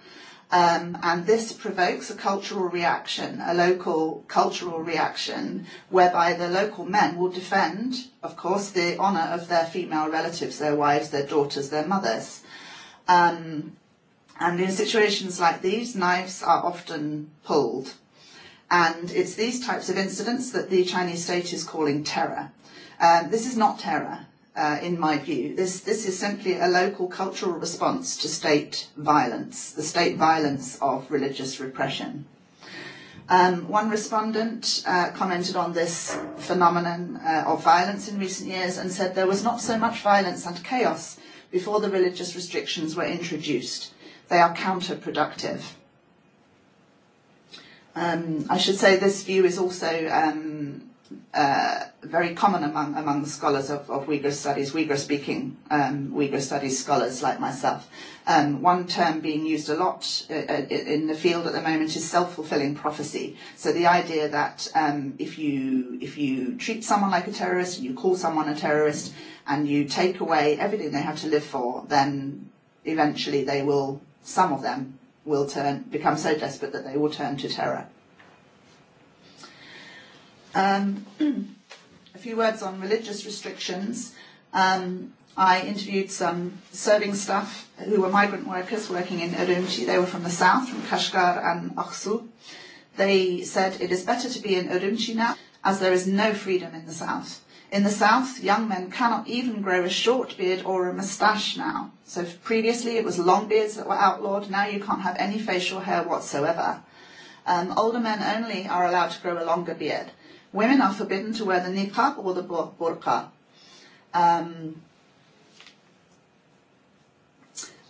Speaker 17: Um, and this provokes a cultural reaction, a local cultural reaction, whereby the local men will defend, of course, the honour of their female relatives, their wives, their daughters, their mothers. Um, and in situations like these, knives are often pulled. And it's these types of incidents that the Chinese state is calling terror. Um, this is not terror uh, in my view. This, this is simply a local cultural response to state violence, the state violence of religious repression. Um, one respondent uh, commented on this phenomenon uh, of violence in recent years and said there was not so much violence and chaos before the religious restrictions were introduced. They are counterproductive. Um, I should say this view is also um, uh, very common among, among the scholars of, of Uyghur studies, Uyghur speaking um, Uyghur studies scholars like myself. Um, one term being used a lot uh, uh, in the field at the moment is self-fulfilling prophecy. So the idea that um, if you if you treat someone like a terrorist, you call someone a terrorist, and you take away everything they have to live for, then eventually they will, some of them will turn become so desperate that they will turn to terror. Um, few words on religious restrictions. Um, I interviewed some serving staff who were migrant workers working in Urumqi. They were from the south, from Kashgar and Aksu. They said it is better to be in Urumqi now as there is no freedom in the south. In the south, young men cannot even grow a short beard or a moustache now. So previously it was long beards that were outlawed. Now you can't have any facial hair whatsoever. Um, older men only are allowed to grow a longer beard. Women are forbidden to wear the niqab or the burqa. Um,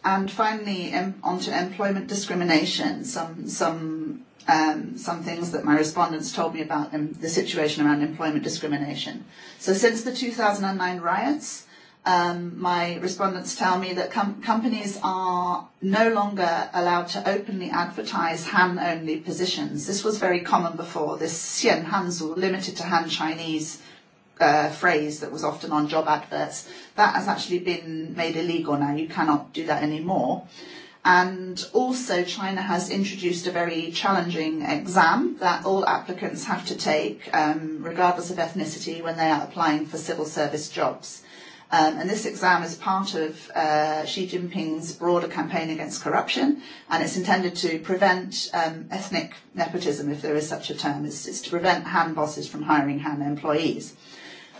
Speaker 17: and finally, em- onto employment discrimination. Some some um, some things that my respondents told me about um, the situation around employment discrimination. So since the 2009 riots, um, my respondents tell me that com companies are no longer allowed to openly advertise Han-only positions. This was very common before, this Xian Hanzu, limited to Han Chinese uh, phrase that was often on job adverts. That has actually been made illegal now. You cannot do that anymore. And also China has introduced a very challenging exam that all applicants have to take, um, regardless of ethnicity, when they are applying for civil service jobs. Um, and this exam is part of uh, Xi Jinping's broader campaign against corruption, and it's intended to prevent um, ethnic nepotism, if there is such a term. It's, it's to prevent Han bosses from hiring Han employees.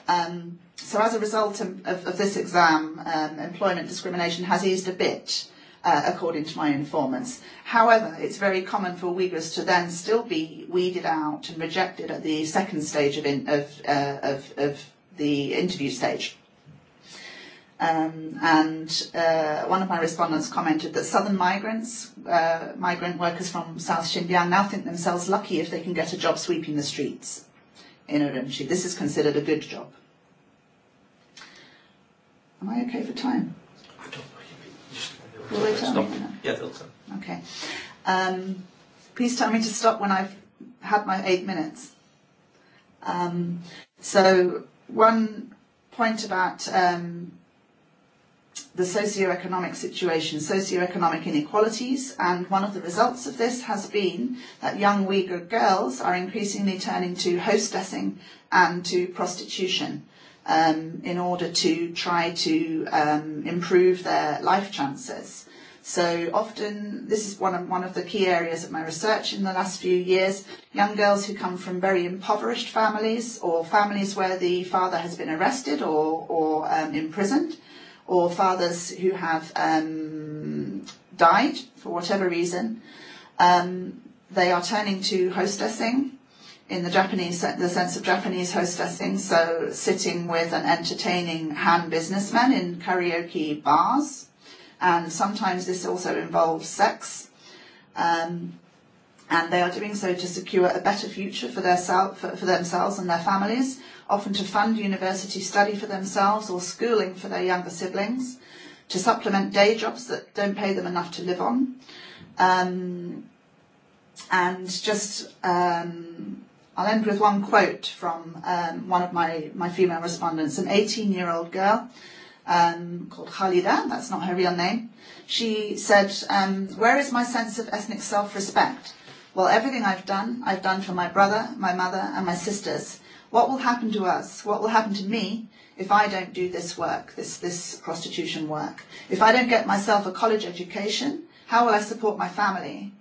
Speaker 17: Um, so as a result of, of, of this exam, um, employment discrimination has eased a bit, uh, according to my informants. However, it's very common for Uyghurs to then still be weeded out and rejected at the second stage of, in, of, uh, of, of the interview stage. Um, and uh, one of my respondents commented that southern migrants, uh, migrant workers from South Xinjiang, now think themselves lucky if they can get a job sweeping the streets in Urumqi. This is considered a good job. Am I okay for time? I don't
Speaker 12: know. Will they tell me? No? Yeah, they'll tell.
Speaker 17: Okay. Um, please tell me to stop when I've had my eight minutes. Um, so one point about um, the socio-economic situation, socio-economic inequalities, and one of the results of this has been that young Uyghur girls are increasingly turning to hostessing and to prostitution um, in order to try to um, improve their life chances. So often, this is one of, one of the key areas of my research in the last few years. Young girls who come from very impoverished families or families where the father has been arrested or, or um, imprisoned or fathers who have um, died for whatever reason, um, they are turning to hostessing in the Japanese, the sense of Japanese hostessing, so sitting with and entertaining Han businessmen in karaoke bars, and sometimes this also involves sex. Um, and they are doing so to secure a better future for, their, for, for themselves and their families often to fund university study for themselves or schooling for their younger siblings, to supplement day jobs that don't pay them enough to live on, um, and just um, I'll end with one quote from um, one of my, my female respondents, an 18-year-old girl um, called Khalida, that's not her real name. She said, um, where is my sense of ethnic self-respect? Well, everything I've done, I've done for my brother, my mother, and my sisters. What will happen to us? What will happen to me if I don't do this work, this, this prostitution work? If I don't get myself a college education, how will I support my family?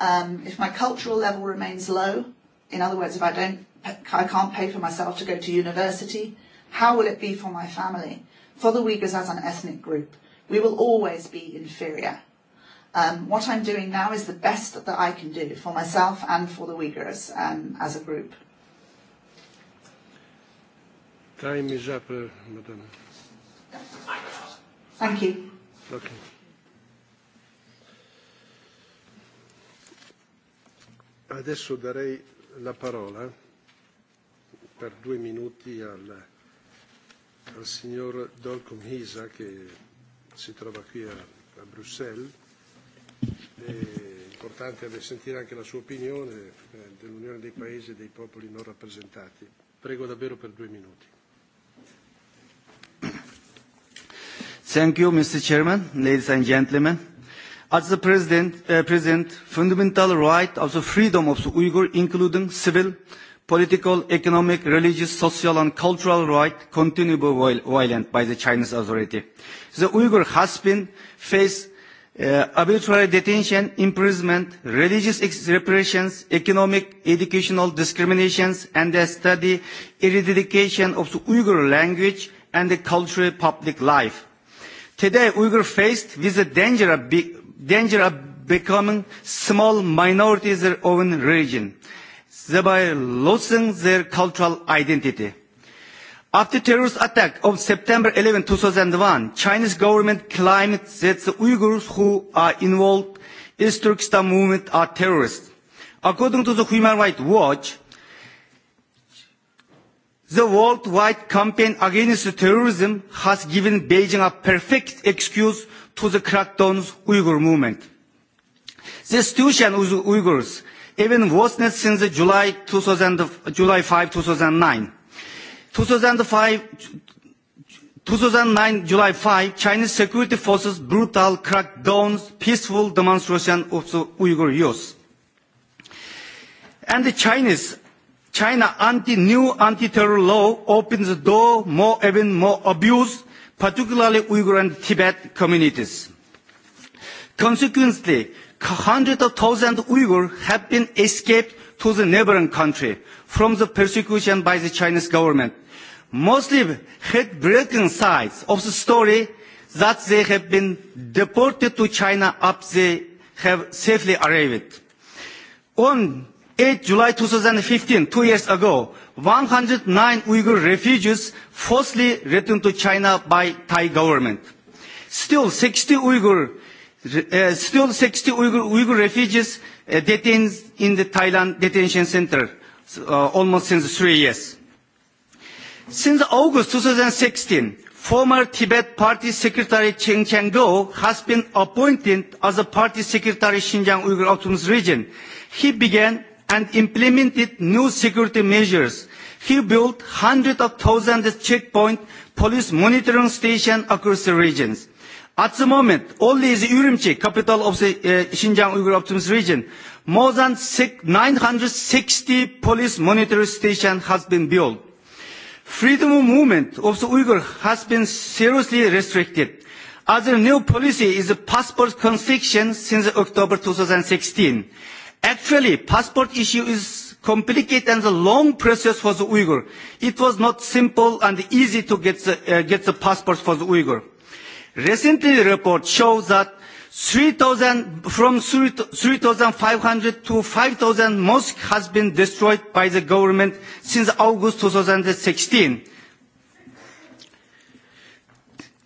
Speaker 17: Um, if my cultural level remains low, in other words, if I don't, I can't pay for myself to go to university, how will it be for my family? For the Uyghurs as an ethnic group, we will always be inferior. Um, what I'm doing now is the best that I can do for myself and for the Uyghurs um, as a group.
Speaker 1: Time is up, uh, Madam. Thank you. Okay. Adesso darei la parola per due minuti al, al signor Dolcom Hisa che si trova qui a, a Bruxelles. È importante sentire anche la sua opinione eh, dell'Unione dei Paesi e dei popoli non rappresentati. Prego davvero per due minuti.
Speaker 18: Thank you, Mr. Chairman, ladies and gentlemen. As the President, uh, President fundamental right of the freedom of the Uyghur, including civil, political, economic, religious, social and cultural right continue to be violent by the Chinese authority. The Uyghur has been faced uh, arbitrary detention, imprisonment, religious repressions, economic, educational discriminations, and the study eradication of the Uyghur language and the cultural public life. Today, Uyghur faced with the danger of, be, danger of becoming small minorities in their own religion, thereby losing their cultural identity. After terrorist attack of September 11, 2001, Chinese government claimed that the Uyghurs who are involved in the Turkestan movement are terrorists. According to the Human Rights Watch, The worldwide campaign against terrorism has given Beijing a perfect excuse to the crackdown's Uyghur movement. The situation with Uyghurs even worsened since July, 2000, July 5, 2009. 2005, 2009 July 5, Chinese security forces brutal crackdowns peaceful demonstration of the Uyghur youth. And the Chinese China anti new anti-terror law opens the door more even more abuse, particularly Uyghur and Tibet communities. Consequently, hundreds of thousands of Uyghur have been escaped to the neighboring country from the persecution by the Chinese government. Mostly head-breaking sides of the story that they have been deported to China after they have safely arrived. On 8 July 2015, two years ago, 109 Uyghur refugees falsely returned to China by Thai government. Still, 60 Uyghur, uh, still 60 Uyghur, Uyghur refugees uh, detained in the Thailand detention center uh, almost since three years. Since August 2016, former Tibet Party Secretary Cheng Chang-do has been appointed as a Party Secretary Xinjiang Uyghur Autonomous Region. He began and implemented new security measures. He built hundreds of thousands of checkpoint police monitoring stations across the regions. At the moment, only is Urimchi, capital of the uh, Xinjiang Uyghur Optimist Region, more than 960 police monitoring stations has been built. Freedom of movement of the Uyghur has been seriously restricted. As a new policy is a passport constriction since October 2016. Actually, passport issue is complicated and a long process for the Uyghur. It was not simple and easy to get the, uh, get the passport for the Uyghur. Recently, the report shows that 3,000, from 3,500 to 5,000 mosques has been destroyed by the government since August 2016.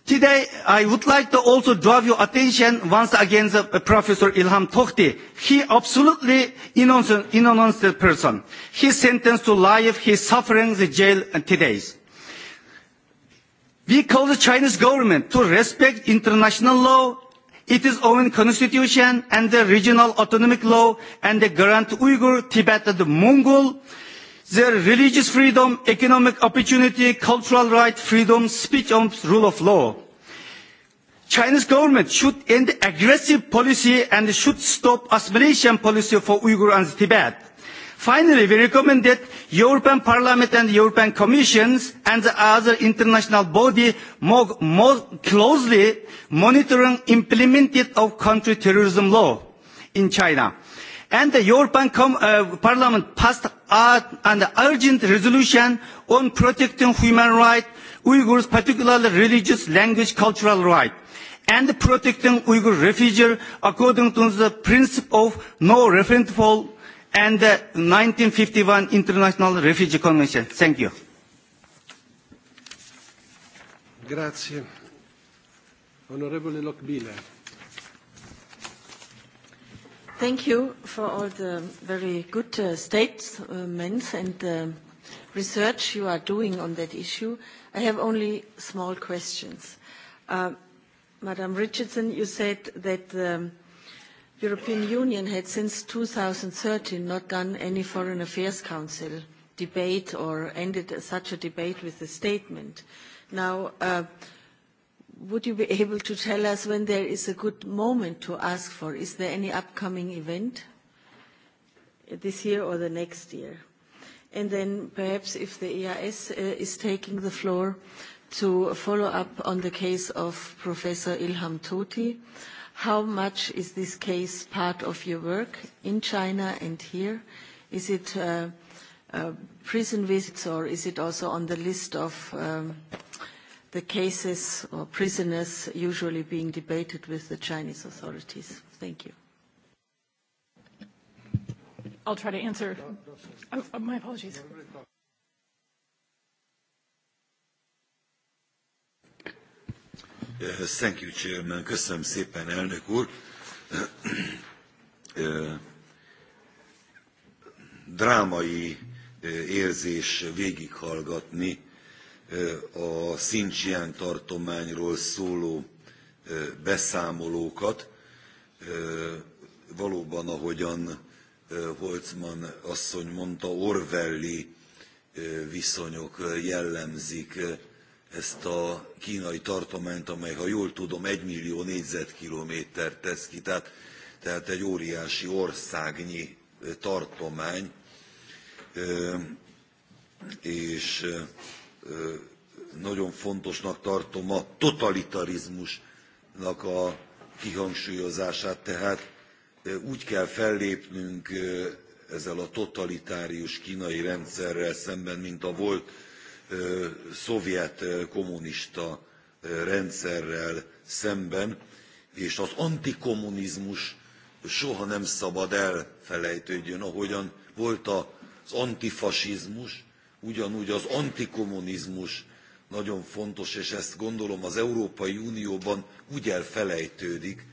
Speaker 18: Today, I would like to also draw your attention once again to uh, Professor Ilham Tohti. He absolutely innocent, innocent person. He sentenced to life, he suffering the jail today. We call the Chinese government to respect international law, its own constitution and the regional autonomic law and the grant Uyghur, Tibet and the Mongol their religious freedom, economic opportunity, cultural right, freedom, speech and rule of law. Chinese government should end aggressive policy and should stop assimilation policy for Uyghur and Tibet. Finally, we recommend that European Parliament and European Commission and the other international body more, more closely monitoring implemented of country terrorism law in China. And the European Com uh, Parliament passed and urgent resolution on protecting human rights, Uyghurs, particularly religious, language, cultural rights, and protecting Uyghur refugees according to the principle of no refundable and the 1951 International Refugee Convention. Thank you.
Speaker 1: Grazie. Onorevole Lockbiller.
Speaker 5: Thank you for all the very good uh, statements uh, and uh, research you are doing on that issue. I have only small questions. Uh, Madam Richardson, you said that the um, European Union had since 2013 not done any Foreign Affairs Council debate or ended such a debate with a statement. Now, uh, would you be able to tell us when there is a good moment to ask for? Is there any upcoming event this year or the next year? And then perhaps if the EIS uh, is taking the floor to follow up on the case of Professor Ilham Toti, how much is this case part of your work in China and here? Is it uh, uh, prison visits or is it also on the list of um, the cases or prisoners usually being debated with the Chinese authorities? Thank you.
Speaker 15: I'll try to answer. Oh, my apologies.
Speaker 9: Uh, thank you, Chairman. Köszönöm szépen, elnök úr. Uh, drámai uh, érzés végighallgatni a Xinjiang tartományról szóló beszámolókat. Valóban, ahogyan Holzman asszony mondta, Orwelli viszonyok jellemzik ezt a kínai tartományt, amely, ha jól tudom, 1 millió négyzetkilométer tesz ki, tehát, tehát egy óriási országnyi tartomány, és nagyon fontosnak tartom a totalitarizmusnak a kihangsúlyozását, tehát úgy kell fellépnünk ezzel a totalitárius kínai rendszerrel szemben, mint a volt szovjet kommunista rendszerrel szemben, és az antikommunizmus soha nem szabad elfelejtődjön, ahogyan volt az antifasizmus, ugyanúgy az antikommunizmus nagyon fontos, és ezt gondolom az Európai Unióban úgy elfelejtődik,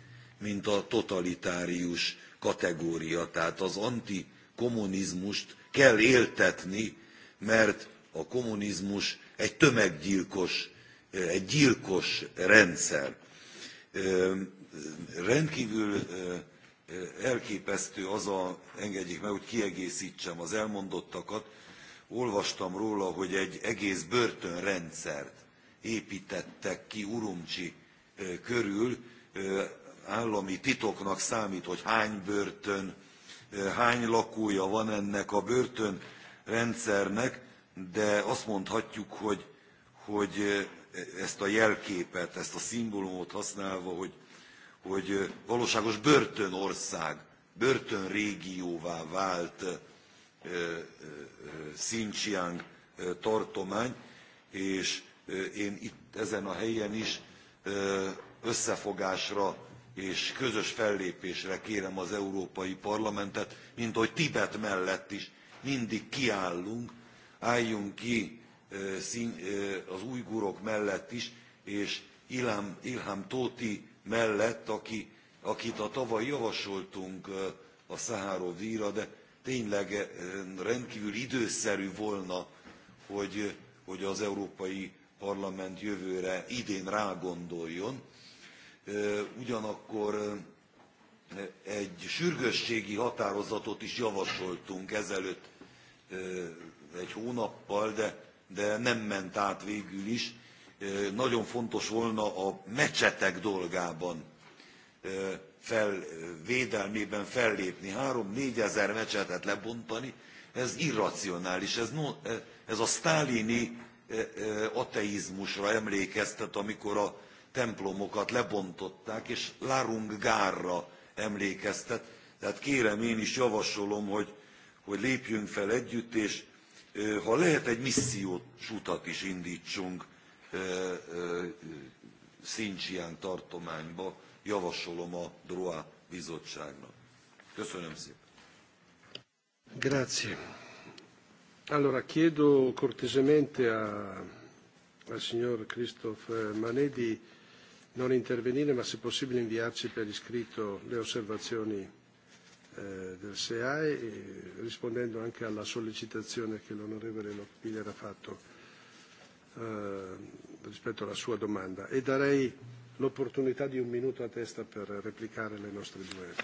Speaker 9: mint a totalitárius kategória. Tehát az antikommunizmust kell éltetni, mert a kommunizmus egy tömeggyilkos, egy gyilkos rendszer. Rendkívül elképesztő az a, engedjék meg, hogy kiegészítsem az elmondottakat, olvastam róla, hogy egy egész börtönrendszert építettek ki Urumcsi körül, állami titoknak számít, hogy hány börtön, hány lakója van ennek a börtönrendszernek, de azt mondhatjuk, hogy, hogy ezt a jelképet, ezt a szimbólumot használva, hogy, hogy valóságos börtönország, börtönrégióvá vált E, e, Xinjiang e, tartomány, és én itt ezen a helyen is összefogásra és közös fellépésre kérem az Európai Parlamentet, mint hogy Tibet mellett is mindig kiállunk, álljunk ki az újgurok mellett is, és Ilham, Ilham Tóti mellett, aki, akit a tavaly javasoltunk a Szaháró díjra, de tényleg eh, rendkívül időszerű volna, hogy, eh, hogy az Európai Parlament jövőre idén rágondoljon. Eh, ugyanakkor egy sürgősségi határozatot is javasoltunk ezelőtt egy hónappal, de, de nem ment át végül is. Nagyon fontos volna a mecsetek dolgában fel, védelmében fellépni, három-négy ezer mecsetet lebontani, ez irracionális, ez, no, e, ez a sztálini e, e, ateizmusra emlékeztet, amikor a templomokat lebontották, és Larung Gárra emlékeztet. Tehát kérem, én is javasolom, hogy, hogy lépjünk fel együtt, és ha lehet egy missziós utat is indítsunk Xinjiang tartományba, javasolom a DROA bizottságnak. Köszönöm szépen.
Speaker 1: Grazie. Allora chiedo cortesemente a, al signor Christoph Manet di non intervenire, ma se possibile inviarci per iscritto le osservazioni eh, del SEAE, e, e, rispondendo anche alla sollecitazione che l'onorevole Lockmiller ha fatto eh, rispetto alla sua domanda. E darei l'opportunità di un minuto a testa per replicare le nostre due.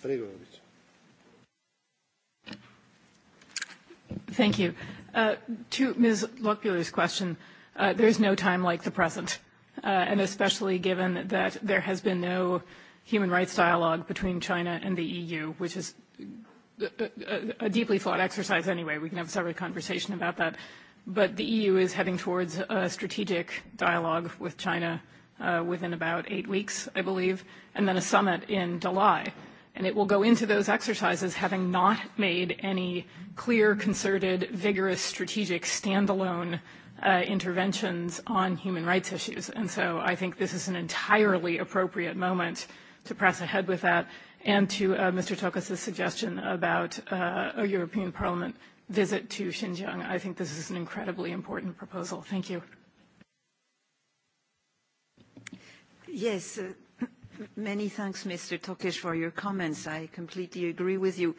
Speaker 1: Prego.
Speaker 15: Thank you. Uh, to Ms. Lockbuehler's question, uh, there is no time like the present, uh, and especially given that there has been no human rights dialogue between China and the EU, which is a, a, a deeply flawed exercise anyway. We can have a separate conversation about that. But the EU is heading towards a strategic dialogue with China uh, within about eight weeks, I believe, and then a summit in July. And it will go into those exercises having not made any clear, concerted, vigorous, strategic, standalone uh, interventions on human rights issues. And so I think this is an entirely appropriate moment to press ahead with that and to uh, Mr. Tokas's suggestion about uh, a European Parliament visit to Xinjiang. I think this is an incredibly important proposal. Thank you.
Speaker 16: Yes, uh, many thanks, Mr. Tokish, for your comments. I completely agree with you.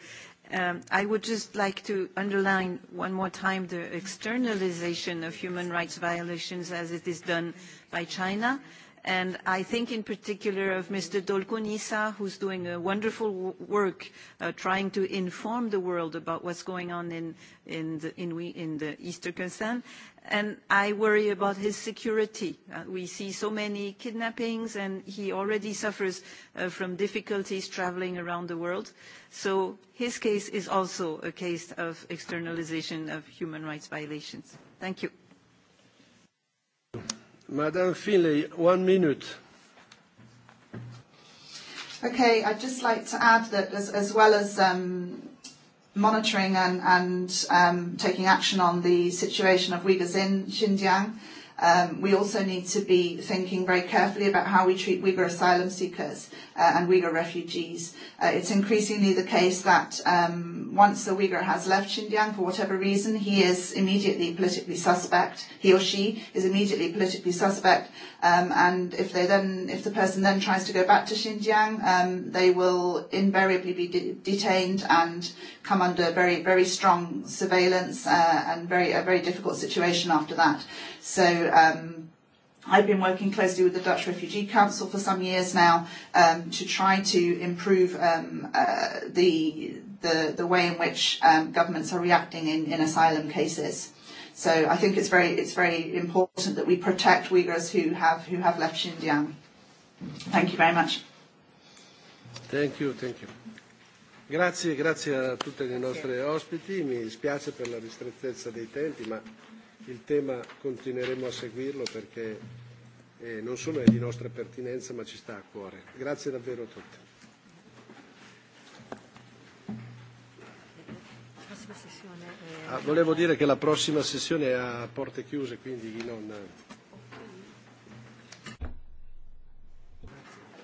Speaker 16: Um, I would just like to underline one more time the externalization of human rights violations as it is done by China. And I think in particular of Mr. Dolconisa, who's doing a wonderful work uh, trying to inform the world about what's going on in, in, the, in, we, in the Eastern Concern. And I worry about his security. Uh, we see so many kidnappings, and he already suffers uh, from difficulties traveling around the world. So his case is also a case of externalization of human rights violations. Thank you.
Speaker 1: Thank you. Madam Finley, one minute.
Speaker 17: Okay, I'd just like to add that as, as well as um, monitoring and, and um, taking action on the situation of Uyghurs in Xinjiang, Um, we also need to be thinking very carefully about how we treat Uyghur asylum seekers uh, and Uyghur refugees. Uh, it's increasingly the case that um, once the Uyghur has left Xinjiang for whatever reason, he is immediately politically suspect. He or she is immediately politically suspect, um, and if they then, if the person then tries to go back to Xinjiang, um, they will invariably be de- detained and come under very, very strong surveillance uh, and very a very difficult situation after that. So um, I've been working closely with the Dutch Refugee Council for some years now um, to try to improve um, uh, the, the, the way in which um, governments are reacting in, in asylum cases. So I think it's very, it's very important that we protect Uyghurs who have, who have left Xinjiang. Thank you very much.
Speaker 1: Thank you, thank you. Grazie, grazie a tutte le nostre ospiti. Mi spiace per la ristrettezza dei tempi, ma il tema continueremo a seguirlo perché eh, non solo è di nostra pertinenza ma ci sta a cuore. Grazie davvero a tutti. Ah, volevo dire che la prossima sessione è a porte chiuse, quindi non...